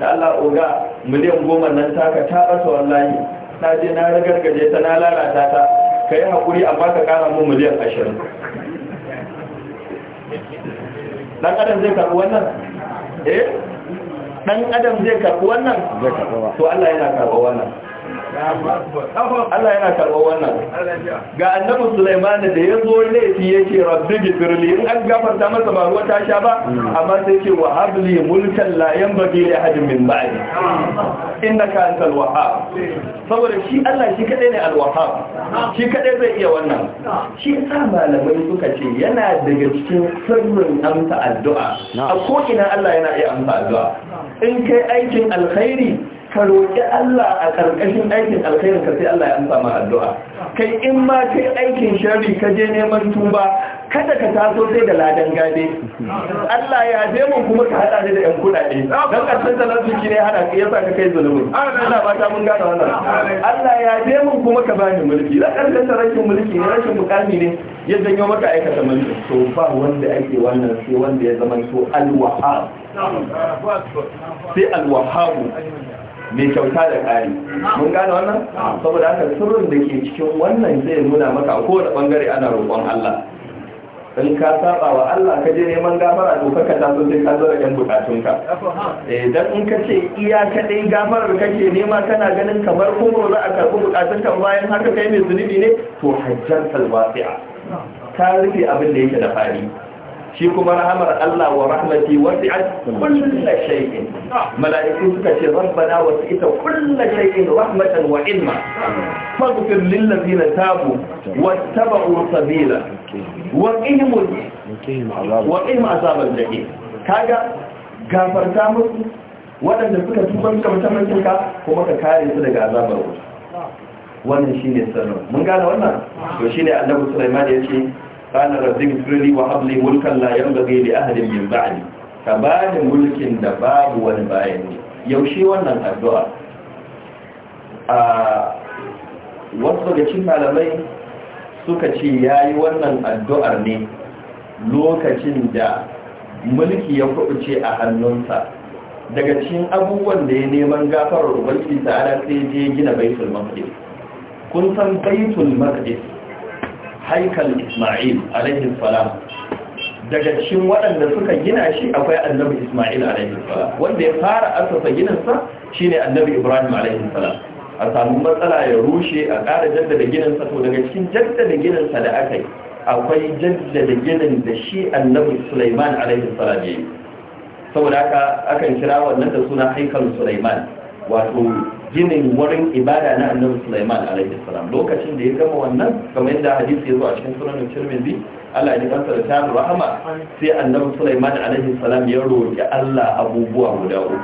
da Allah oga miliyan goma nan ta ka ta ɓata wallahi Ta je na ragargaje ta na lalata ta ka yi haƙuri amma ka ƙara mu miliyan ashirin ɗan adam zai karɓi wannan eh ɗan adam zai karɓi wannan to Allah yana karɓa wannan Allah yana karɓar wannan ga annabi Sulaiman da ya zo laifi yake rabbi gifirli in an gafarta masa ba ruwa ta sha ba amma sai ce wa habli mulkan la yanbaghi li ahadin min Inna ka antal wahhab saboda shi Allah shi kadai ne al shi kadai zai iya wannan shi sa malamai suka ce yana daga cikin sirrin amsa addu'a a ko ina Allah yana iya amsa addu'a in kai aikin alkhairi ka roƙi Allah a ƙarƙashin aikin alkhairin ka sai Allah ya amsa ma addu'a kai in ma kai aikin sharri ka je neman tuba kada ka taso sai da ladan gade Allah ya je mu kuma ka hada da yan kudade dan karshen talauci ne hada ka yasa ka kai zulubi Allah ba ta mun gane wannan Allah ya je mu kuma ka bani mulki dan karshen rashin mulki ne rashin mukami ne ya janyo maka aikata mulki to ba wanda ake wannan sai wanda ya zama so alwahab sai alwahabu mai kyauta da ƙari mun gane wannan saboda haka sirrin da ke cikin wannan zai nuna maka a kowane bangare ana roƙon Allah in ka saba wa Allah ka je neman gafara to ka taso sai ka zo da ɗan ka. eh dan in ka ce iya kadai gafarar kake nema kana ganin kamar kuma za a karɓi ka, bayan haka kai mai zunubi ne to hajjar salwasi'a ka rufe abin da yake da fari shi kuma rahamar Allah wa rahmati wasi'at kullu shay'in mala'iku suka ce rabbana wasi'ta kullu shay'in rahmatan wa ilma faghfir lil ladzina tabu wattaba'u sabila wa qihim wa qihim azab al-jahim kaga gafarta musu waɗanda suka tuba suka mutum ka kuma ka kare su daga azabar wuta wannan shine sanar mun gane wannan to shine annabi Sulaiman ya ce قال رب اغفر لي وهب لي ملكا لا ينبغي لأحد mulkin da babu wani bayan ne. yaushe wannan addu'a a wasu daga cikin malamai suka ce yayi wannan addu'ar ne lokacin da mulki ya kubuce a hannunsa daga cikin abubuwan da ya neman gafarar ubangiji ta ala sai je gina baitul maqdis kun san baitul maqdis haikal isma'il alaihi salam daga cikin waɗanda suka gina shi akwai annabi isma'il alaihi salam wanda ya fara asasa ginansa shine annabi ibrahim alaihi salam a samu matsala ya rushe a ƙara jaddada ginansa to daga cikin jaddada ginansa da aka yi akwai jaddada ginin da shi annabi sulaiman alaihi salam ya yi saboda haka akan kira wannan da suna haikal sulaiman wato ginin wurin ibada na annabi Sulaiman alaihi salam lokacin da ya gama wannan kamar yadda hadisi ya zo a cikin sunan Tirmidhi Allah ya kansa da rahama sai annabi Sulaiman alaihi salam ya roki Allah abubuwa guda uku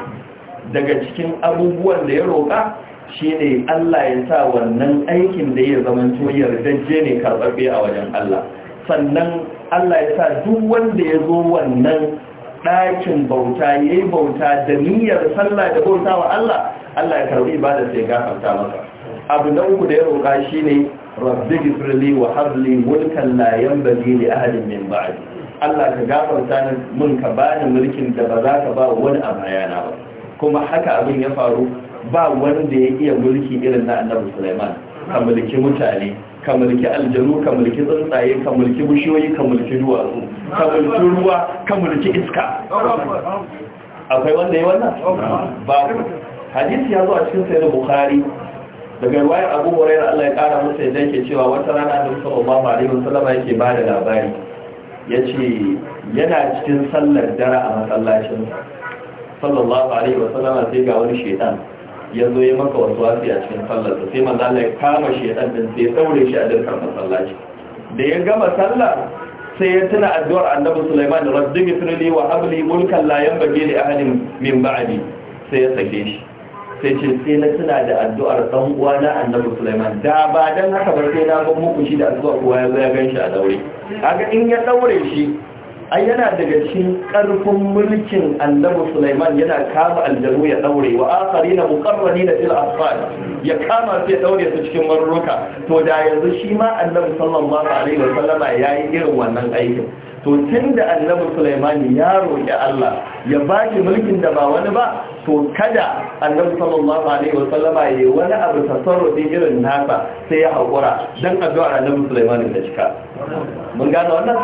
daga cikin abubuwan da ya roka shine Allah ya sa wannan aikin da ya zama to yardaje ne karbabe a wajen Allah sannan Allah ya sa duk wanda ya zo wannan ɗakin bauta ya yi bauta da niyyar sallah da bauta wa Allah Allah ya karbi ibada sai gafarta maka. abu na uku da ya roƙa shi ne rabbi gifirli wa harli mulkan la yanbaghi li ahadin min ba'di Allah ka gafarta min ka bani mulkin da ba za ka ba wani a bayana ba kuma haka abin ya faru ba wanda ya iya mulki irin na Annabi Sulaiman ka mulki mutane ka mulki aljanu ka mulki tsuntsaye ka mulki bishiyoyi ka mulki duwatsu ka mulki ruwa ka mulki iska akwai wanda yi wannan ba hadisi ya zo a cikin sayar bukhari daga ruwayar abu hurairah Allah ya kara masa yadda yake cewa wata rana annabi sallallahu alaihi wasallam yake ba da labari ya ce yana cikin sallar dara a masallacin sallallahu alaihi wasallam sai ga wani shaitan ya zo ya maka wasu wasi a cikin sallar sa sai manzo ya kama shi ya din sai ya daure shi a dukkan masallaci da ya gama sallah sai ya tuna addu'ar annabi Sulaiman rabbi mithli wa habli mulkan la bage li ahadin min ba'di sai ya sake shi sai ce sai na tuna da addu'ar dan uwana annabi Sulaiman da ba dan haka ba sai na ga muku shi da addu'a kowa ya zo ya ganshi a daure kaga in ya ɗaure shi A yana daga cikin karfin mulkin annabi Sulaiman yana kama aljanu ya daure wa akharina muqarranina fil asfal ya kama su ya daure su cikin marruka to da yanzu shi ma annabi sallallahu alaihi wasallama yayi irin wannan aikin to tun da annabi sulaimani ya roƙi Allah ya ba shi mulkin da ba wani ba to kada annabi sallallahu alaihi wa ya wani abu tasarro din irin nasa sai ya haƙura dan addu'ar annabi sulaimani da cika mun gane wannan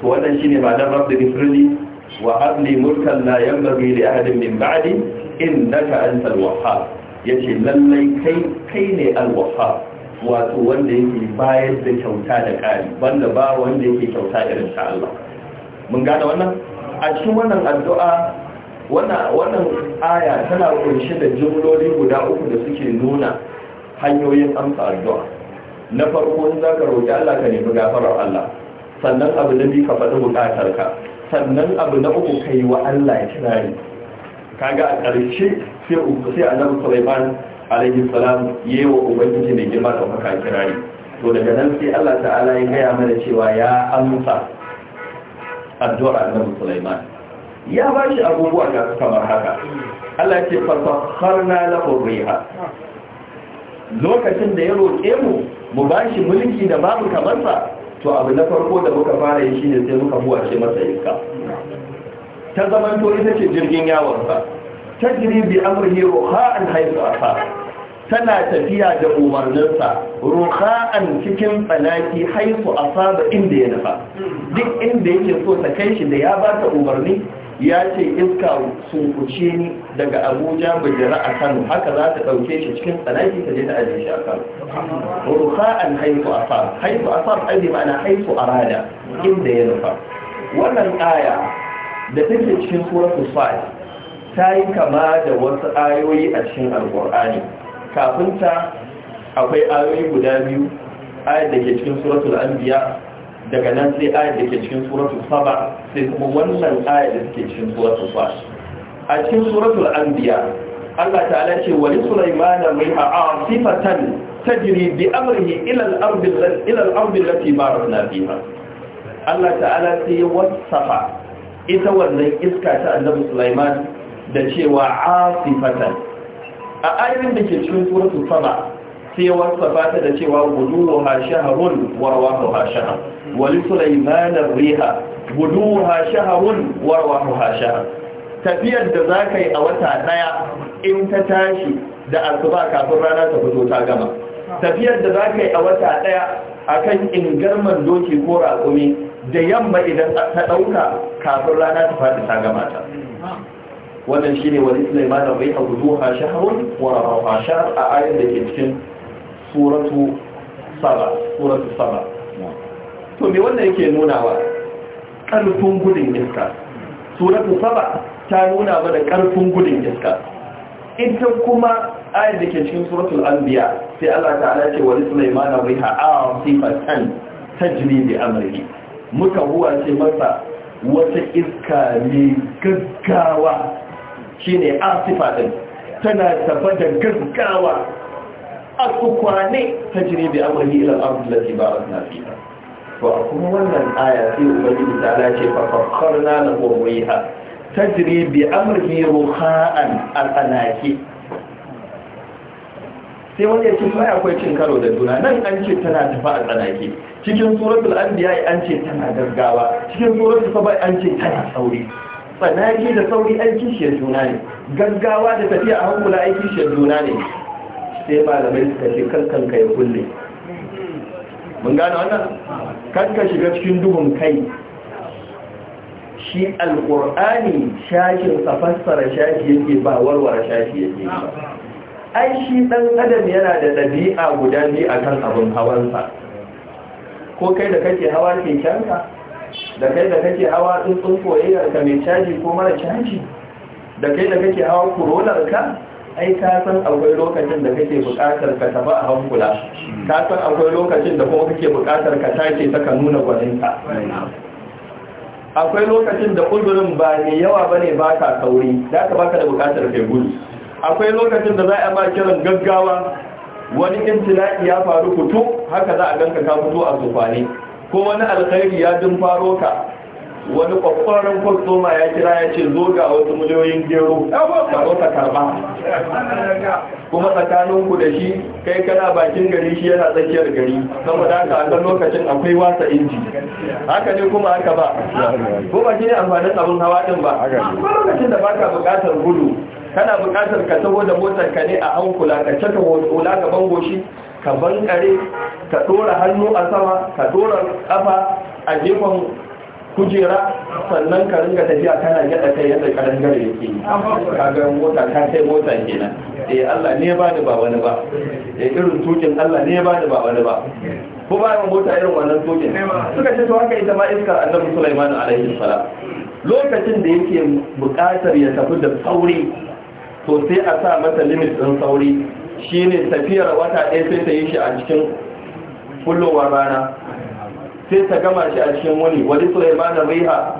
to wannan shine ba dan rabbi bifrili wa habli mulkan la yanbaghi li ahadin min ba'di innaka antal wahhab yace lallai kai kai ne al wahhab wato wanda yake bayar da kyauta da kari banda ba wanda yake kyauta irin ta Allah mun gane wannan a cikin wannan addu'a wannan aya tana kunshe da jumloli guda uku da suke nuna hanyoyin amsa addu'a na farko in zaka roki Allah ka nemi gafarar Allah sannan abu na biyu ka faɗi ka. sannan abu na uku ka wa Allah kirari kaga a ƙarshe sai uku sai annabi Sulaiman alaihi salam yi wa ubangiji mai girma da kuma kirari to daga nan sai Allah ta'ala ya gaya mana cewa ya amsa addu'ar annabi Sulaiman ya ba shi abubuwa ga kamar haka Allah ya ce sakharna lahu riha lokacin da ya roƙe mu mu ba shi mulki da babu kamar sa to abu na farko da muka fara yi shine sai muka buwace masa iska ta zamanto ita ce jirgin yawon sa Ta tajri bi amrihi ruha'an haythu afa tana tafiya da umarninsa ruha'an cikin tsanaki haifu asaba inda ya nufa duk inda yake so ta kai shi da ya ba ta umarni ya ce iska sun kuce ni daga abuja bajira a kano haka za ta ɗauke shi cikin tsanaki ta je ta ajiye shi a kano ruha'an haifu asaba haifu asaba ai ma'ana haifu arada inda ya nufa wannan ƙaya da take cikin suratul fatiha ta yi kama da wasu ayoyi a cikin alkur'ani kafin ta akwai ayoyi guda biyu ayar da ke cikin suratul anbiya daga nan sai ayar da ke cikin suratul saba sai kuma wannan ayar da ke cikin suratul fa a cikin suratul anbiya Allah ta'ala ce wa Sulaiman riha asifatan tajri bi amrihi ila al-ardi ila al-ardi allati barakna fiha Allah ta'ala sai ya wasafa ita wannan iska ta Annabi Sulaiman da cewa asifatan a ayyukan da ke cikin suratul sama sai wasafa ta da cewa guduwa shahrun wa rawahu shahr wa li sulayman ar-riha guduwa shahrun wa rawahu shahr tafiyar da za ka yi a wata daya in ta tashi da asuba kafin rana ta fito ta gama tafiyar da za ka yi a wata daya a kan ingarman doki ko raƙumi da yamma idan ta ɗauka kafin rana ta faɗi ta gama ta wannan shine wa Sulaiman bai huduha shahrun wa rawaha shahr a ayar da ke cikin suratu saba suratu saba to me wannan yake nuna wa karfin gudun iska suratu saba ta nuna mana karfin gudun iska ita kuma ayar da ke cikin suratul anbiya sai Allah ta'ala ce wa Sulaiman bai ha asifatan tajri bi amrihi muka huwa ce masa wata iska mai gaggawa shine asifa din tana tabbata gaggawa asukwane tajri bi amrihi ila al ba allati barakna fiha Ba kuma wannan aya sai ubangiji ta lace fa fakkarna lahu riha tajri bi amrihi ruha'an al-anaki sai wani yakin ce ba akwai cin karo da juna nan an ce tana tafa a tsanake cikin suratul anbiya an ce tana gaggawa cikin suratul saba an ce tana sauri tsanaki da sauri an kishiyar juna ne gaggawa da tafiya a hankula an kishiyar juna ne sai malamai suka ce kankan kai kulle mun gano wannan kanka shiga cikin duhun kai shi alƙur'ani shashin fassara shashi yake ba warware shashi yake ba ai shi ɗan adam yana da ɗabi'a guda biyu akan abun hawansa ko kai da kake hawa ke kekenka da kai da kake hawa tsuntsun koyayyar ka mai caji ko mara caji da kai da kake hawa kurolar ka ai ka san akwai lokacin da kake buƙatar ka tafi a hankula ka san akwai lokacin da kuma kake buƙatar ka tace ta ka nuna gwaninka akwai lokacin da kudurin ba mai yawa ba ne ba ka sauri. za ka baka da bukatar kai gudu akwai lokacin da za a ba kiran gaggawa wani intila ya faru fito haka za a ganka ka fito a tsofane ko wani alkhairi ya dun faro ka wani kwakwaran ma ya kira ya ce zo ga wasu miliyoyin gero ka zo karba kuma tsakaninku da shi kai kana bakin gari shi yana tsakiyar gari saboda haka a kan lokacin akwai wasa inji haka ne kuma haka ba ko shi ne amfanin abin hawa din ba lokacin da baka bukatar gudu kana bukatar ka taho da motar ka ne a hankula ka caka hula gaban goshi ka bankare ka dora hannu a sama ka dora kafa a jefan kujera sannan ka ringa tafiya kana yadda kai yadda karan gare yake ga mota ka kai mota kenan eh Allah ne ba ni ba wani ba eh irin tukin Allah ne ba ni ba wani ba ko ba mu mota irin wannan tukin suka ce to haka ita ma iskar Annabi Sulaiman alaihi salam lokacin da yake buƙatar ya tafi da sauri to sai a sa mata limit din sauri shine tafiyar wata ɗaya sai ta yi shi a cikin kullowar rana sai ta gama shi a cikin wani wani suleiman riha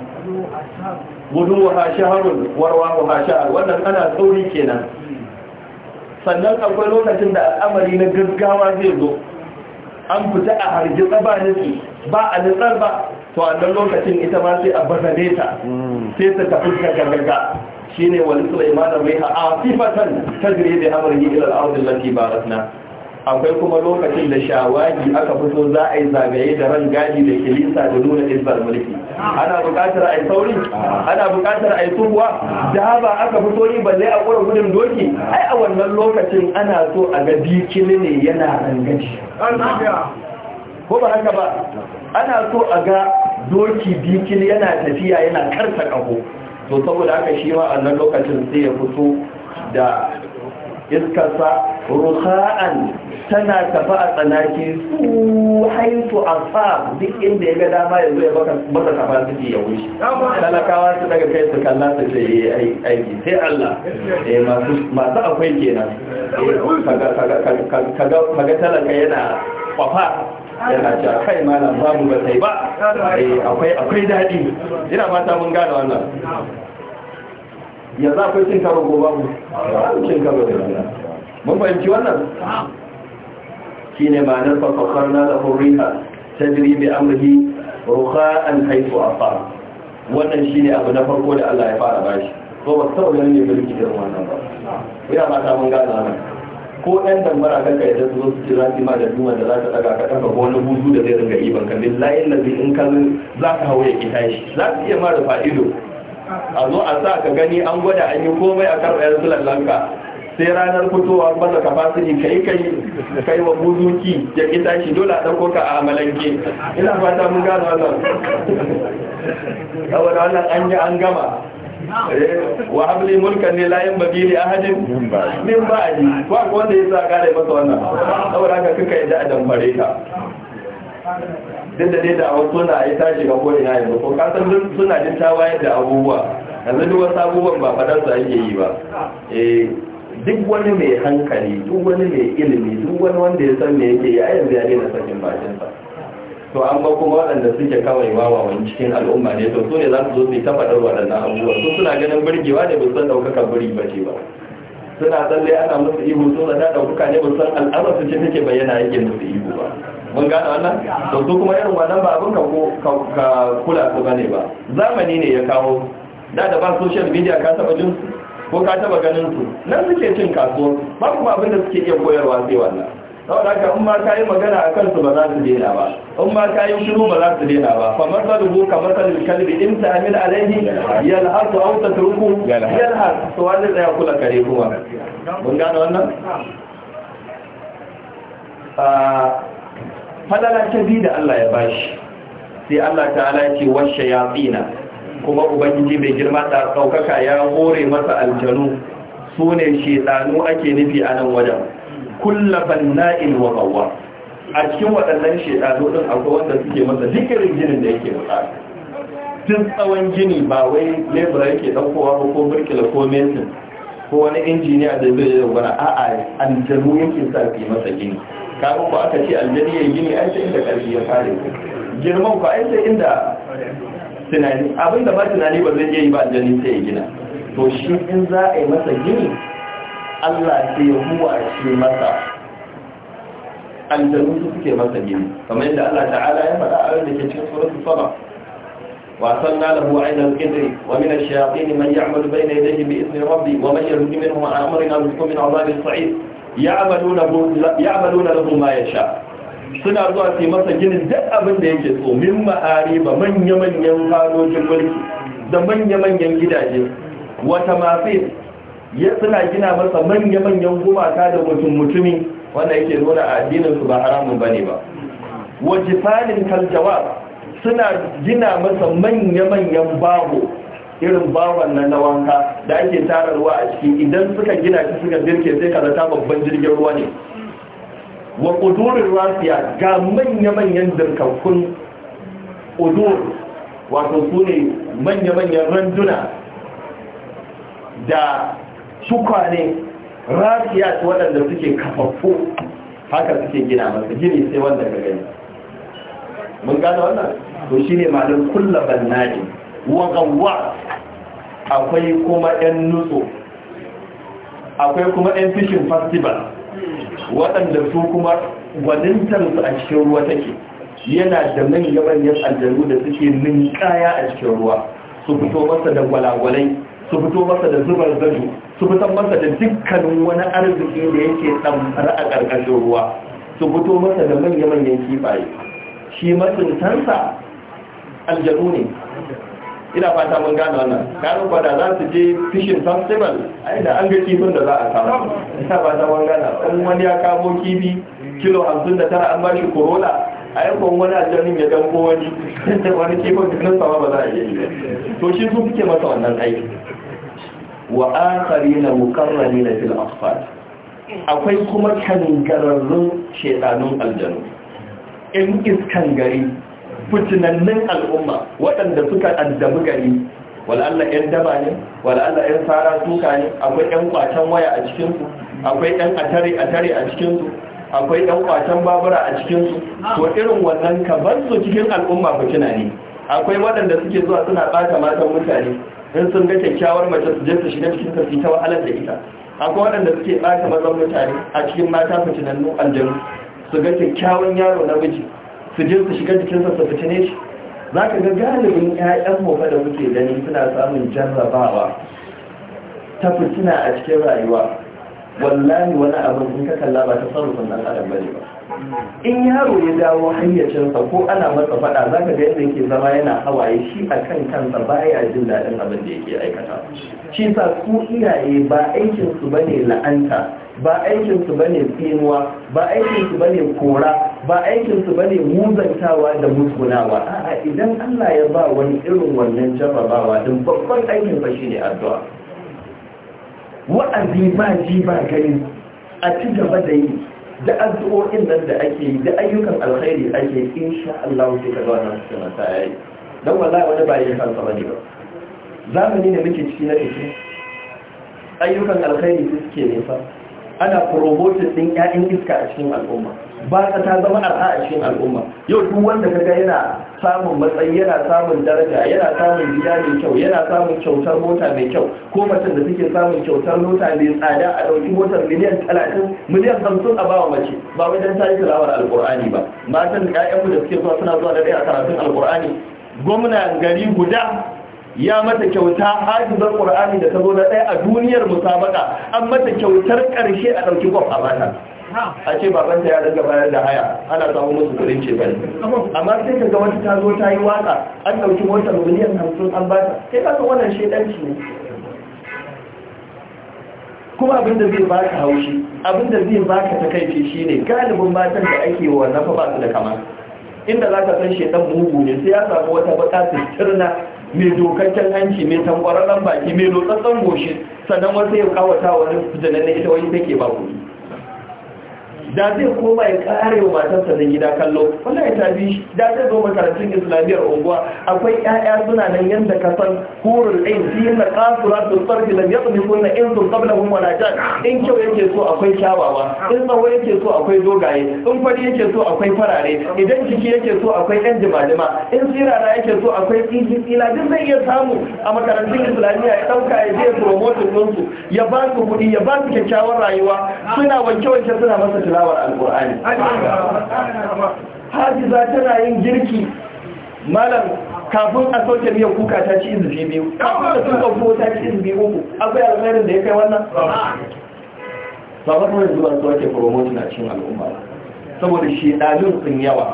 gudu wa harun warwa wa shahar wannan ana sauri kenan sannan akwai lokacin da al'amari na gaggawa zai zo an fita a hargitsa ba nufi ba a nutsar ba to a nan lokacin ita ma sai a bazane ta sai ta tafi gaggaga shine wani suleiman riha a sifatan tajribi amrihi ila al-ardi allati baratna akwai kuma lokacin da shawagi aka fito za a yi zagaye da rangadi da kilisa da nuna izbar mulki ana bukatar a yi sauri ana bukatar a yi tsohuwa? da ba aka fito yi balle a ƙura gudun doki ai a wannan lokacin ana so a ga bikini ne yana rangaji ko ba haka ba ana so a ga doki bikini yana tafiya yana karsa kaho to saboda haka shi ma a wannan lokacin sai ya fito da sa ruha'an tana tafi a tsanaki su haitu a sa duk inda ya ga dama ya zo ya baka kafa suke ya wuce talakawa su daga kai su kalla su ce eh, aiki sai Allah eh, masu akwai kenan kaga talaka yana kwafa yana ce kai malam babu ba sai ba eh, akwai daɗi ina mata mun gane wannan ya za akwai cin karo ko babu babu cin karo da juna mun fahimci wannan shi ne nan fasakar na da hurriha ta jiri mai amurhi ruha an haifu a fara wannan shi ne abu na farko da allah ya fara bashi ko ba sau ne mulki da wannan ba ya mata mun gana nan ko ɗan dambara kanka idan su zo su ci zafi ma da duma da za ta ɗaga ka ɗaga wani hutu da zai ringa iban ka da zai in ka za ka hau ya ki tashi za ka iya mara fa'ido a zo a sa ka gani an gwada an yi komai a karɓar sulan lanka sai ranar fitowa baza ka ne kai kai kai wa buzuki ya ki tashi dole a ɗauko ka a amalanke ina fata mun gano wannan saboda wannan an yi an gama eh, wa hamli mulkan ne layin babi ne hajji min ji ko wanda ya sa gane masa wannan saboda haka kuka yadda a damfare ka duk da dai da a suna na ya tashi ga kone na yanzu ko kasan suna jin tawayen da abubuwa yanzu duk wasu abubuwan ba fadar su ake yi ba eh, duk wani mai hankali duk wani mai ilimi duk wani wanda ya san me yake yi a yanzu ya daina sakin bakinsa to an ba kuma waɗanda suke kawai wawa wani cikin al'umma ne to su ne za su zo su yi ta faɗar waɗannan abubuwa su suna ganin burgewa ne ba su san ɗaukaka buri ba ce ba suna tsalle ana musu ihu suna da ɗaukaka ne ba san al'amarsu ce take bayyana yake musu ihu ba mun gane wannan to su kuma irin wannan ba abin ka kula ko bane ba zamani ne ya kawo da da ba social media ka taba jin su ko ka taba ganin su nan suke cin kaso ba kuma abin da suke iya koyarwa sai wannan saboda haka in ma kayi magana a kansu ba za su daina ba in ma kayi shiru ba za su daina ba fa masalu bu ka masalu kalbi in ta amin alaihi yalhasu aw tatruku yalhas to wannan tsaya kula kare kuma mun gane wannan ah, fadala ta biyu da Allah ya bashi sai Allah ta'ala ce washe ya tsina kuma ubangiji mai girma da saukaka ya hore masa aljanu su ne shedanu ake nufi a nan wajen kulla na'il wa bawwa a cikin waɗannan shedanu ɗin akwai wanda suke masa zikirin jinin da yake buƙata. tun tsawon gini ba wai lebura yake ɗaukowa ba ko birkila ko mesin ko wani injiniya da zai yi a a'a aljanu yake sa masa gini kawo ku aka ce aljani ya gini ai sai inda ƙarfi ya fare girman ku ai sai inda tunani abinda ba tunani ba zai iya yi ba aljani sai ya gina to shi in za a yi masa gini Allah sai ya huwa shi masa aljanu su suke masa gini kamar yadda Allah ta'ala ya faɗa a yau da ke cikin suratul saba وأصلنا له عين القدر ومن الشياطين من يعمل بين يديه بإذن ربي ومن يرد منهم عن أمرنا رزق من عذاب الصعيد ya'maluna lahu ma yasha suna zuwa su masa ginin duk abin da yake so min ma'ari ba manya-manyan halojin mulki da manya-manyan gidaje wata mafi ya suna gina masa manya-manyan gumaka da mutum-mutumi wanda yake nuna addinin su ba haramun bane ba wajifanin kaljawa suna gina masa manya-manyan babu irin bawan nan na wanka da ake tara ruwa a ciki idan suka gina shi suka birke sai ka zata babban jirgin ruwa ne wa kudurin rasiya ga manya-manyan dirkakkun kudur wato su ne manya-manyan randuna da tukwane rasiya su waɗanda suke kafafu, haka suke gina masu gini sai wanda ka gani mun gane wannan to shi ne malin kulla bannadi wa gawwa akwai kuma ɗan nutso akwai kuma ɗan fishin festival waɗanda su kuma su a cikin ruwa take yana da manyan aljanu da suke ninkaya a cikin ruwa su fito masa da gwalagwalai su fito masa da zubar zaju su fito masa da dukkanin wani arziki da yake tsamfar a ƙarƙashin ruwa su fito masa da manya-manyan kifaye shi matsintansa aljanu ne ina fata mun gane wannan gano ba za su je fishing festival A da an ga kifin da za a samu ina fata mun gane kun wani ya kamo kifi kilo hamsin da an ba shi corolla a kun wani jirgin ya danko wani wani kifin kan sama ba za a iya yi to shi su suke masa wannan aiki wa akari na mukarrani na fil asfal akwai kuma kangararrun shedanun aljanu in iskan gari fitinannin al'umma waɗanda suka addabi gari wal'alla 'yan daba ne wal'alla 'yan fara tuka ne akwai 'yan kwacen waya a cikinsu akwai 'yan atare-atare a cikinsu akwai 'yan kwacen babura a cikinsu to irin wannan ka ban su cikin al'umma fitina ne akwai waɗanda suke zuwa suna ɓata matan mutane in sun ga kyakkyawar mace su je su shiga cikin tafi ta wahalar da ita akwai waɗanda suke ɓata mazan mutane a cikin mata fitinannu aljanu su ga kyakkyawan yaro namiji su je su shiga jikinsa su ne shi za ka ga galibin 'ya'yan mu da muke gani suna samun jarrabawa ta fitina a cikin rayuwa wallahi wani abin in ka kalla ba ta sarrafa nan adam bane ba in yaro ya dawo hayyacinsa ko ana masa faɗa za ka ga yadda yake zama yana hawaye shi a kan kansa ba ya jin daɗin abin da yake aikata shi sa ku iyaye ba aikinsu ba ne la'anta ba aikinsu su bane tsinuwa ba aikinsu su bane kora ba aikinsu su bane muzantawa da musgunawa a'a idan Allah ya ba wani irin wannan jababawa, din babban aikin shi ne addu'a wa'azi ba ji ba gani a ci gaba da yi da addu'o'in nan da ake yi da ayyukan alkhairi ake insha Allah sai ka ga wannan cikin yi? dan wallahi wani ba yin kansa bane ba zamani ne muke ciki na ciki. ayyukan alkhairi suke nesa ana promoting din ƴaƴan iska a cikin al'umma ba ta ta zama arha a cikin al'umma yau duk wanda kaga yana samun matsayi yana samun daraja yana samun gida mai kyau yana samun kyautar mota mai kyau ko mutum da suke samun kyautar mota mai tsada a ɗauki motar miliyan talatin miliyan hamsin a bawa mace ba wai dan ta yi tilawar alƙur'ani ba matan da ƴaƴanmu da suke zuwa suna zuwa da ɗaya karatun alƙur'ani gwamna gari guda ya mata kyauta hajizar qur'ani da ta zo na ɗaya a duniyar musabaka an mata kyautar ƙarshe a ɗauki gwam a bata. a ce babanta ya daga bayar da haya ana samu musu turin ce bane amma sai ka ga wata ta zo ta yi waka an ɗauki motar miliyan hamsin an bata. sai ka ga wannan shedanci ne kuma abin da zai baka haushi abin da zai baka takaici shine galibin matan da ake wa nafa ba su da kama inda za ka san shedan mugu ne sai ya samu wata baka turna mai dokakken hanci mai tankwararren baki mai lotsatsen goshi sannan wasu ya kawata wani fitanen ita wani take ba kuɗi da zai koma ya kare wa matarsa da gida kallo wallahi ta bi da zai zo makarantun islamiyar unguwa akwai 'ya'ya suna nan yanda ka san hurul ain fi yana qasura tu sarfi lam yaqni na in sun qablahum wala jan in kyau yake so akwai kyawawa in tsawo yake so akwai dogaye in fari yake so akwai farare idan jiki yake so akwai ƴan jibalima in sirara yake so akwai tsiji duk zai iya samu a makarantun islamiyya ya ɗauka ya je promote ɗinsu ya ba su kuɗi ya ba su kyakkyawar rayuwa suna wanke-wanke suna masa tilawa tilawar alkur'ani hajiza tana yin girki malam kafin a sauke miyan kuka ta ci izini biyu kafin da sun ko ta ci izini uku akwai alkhairin da ya kai wannan sabon ba kuma zuwa su na promotion a cikin al'umma saboda shi dalil sun yawa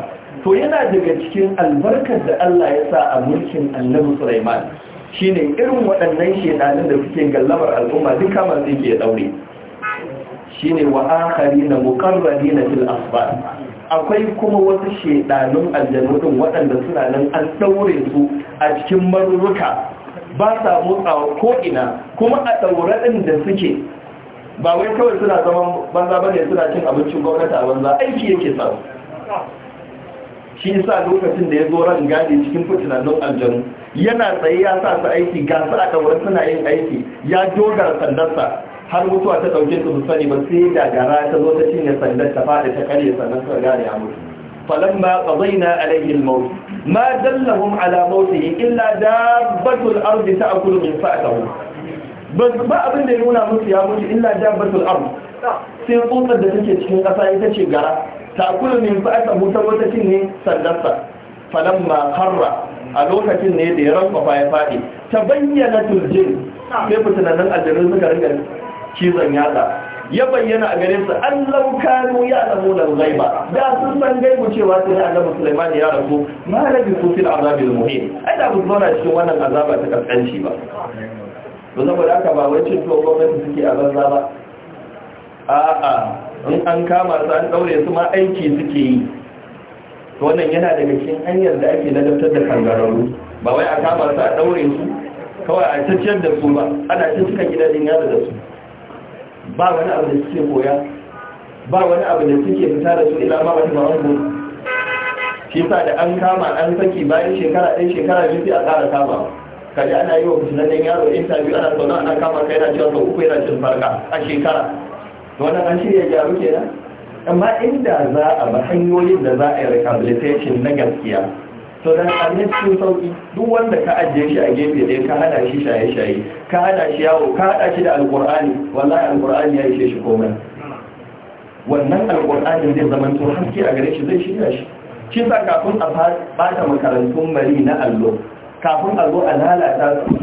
to yana daga cikin albarkar da Allah ya sa a mulkin Annabi Sulaiman shine irin waɗannan shedanin da suke gallabar al'umma duka masu yake daure shine wa mukarrari na fil asbab akwai kuma wasu shedanun aljannatin din waɗanda suna nan an daure su a cikin maruruka ba sa motsawa ko ina kuma a daure din da suke ba wai kawai suna zaman banza bane suna cin abincin gwamnati a banza aiki yake sa shi yasa lokacin da ya zo ran gadi cikin fitinannun aljannu yana tsaye ya sa su aiki ga su a daure suna yin aiki ya dogara sandarsa har mutuwa ta ɗauke su su sani ba sai da gara ta zo ta cinye sandar ta faɗi ta karye sannan suka gane a mutu falamma qadayna alayhi al-maut ma dallahum ala mautihi illa dabbatul ardi ta'kulu min sa'atihi ba abin da ya nuna musu ya mutu illa dabbatul ardi sai tsotsar da take cikin ƙasa ita ce gara ta'kulu min sa'atihi ta wata cinye sandarsa falamma qarra a lokacin ne da ya rankwafa ya faɗi ta bayyana tuljin sai fitinannen aljanu suka ringa cizon yatsa ya bayyana a gare su an laukanu ya lamu da ba. da sun san gaibu cewa sai annabi Sulaiman ya rasu ma rabi su fil azabi al muhim ai da bu zauna cikin wannan azaba ta kaskanci ba to saboda haka ba wai cin to gwamnati suke a banza ba a'a in an kama su an daure su ma aiki suke yi to wannan yana daga cikin hanyar da ake ladabtar da kangararru ba wai a kama su a daure su kawai a tacciyar da su ba ana cin suka gidajen yada da su ba wani abu da suke koya ba wani abu da suke fita da su ila ba wani ba wani shi sa da an kama an saki bayan shekara ɗin shekara biyu sai a ƙara kama kaji ana yi wa fitinannen yaro interview ana sauna ana kama kai yana cewa sau uku yana cin farka a shekara wannan an shirya gyaru kenan amma inda za a ba hanyoyin da za a yi rehabilitation na gaskiya to dan same cikin sauki duk wanda ka ajiye shi a gefe ɗaya ka hada shi shaye-shaye ka hada shi yawo ka hada shi da Alƙur'ani, wallahi Alƙur'ani ya ishe shi komai wannan alkur'anin zai zama to haske a gare shi zai shirya shi shi sa kafin a bata makarantun mari na allo kafin a zo a lalata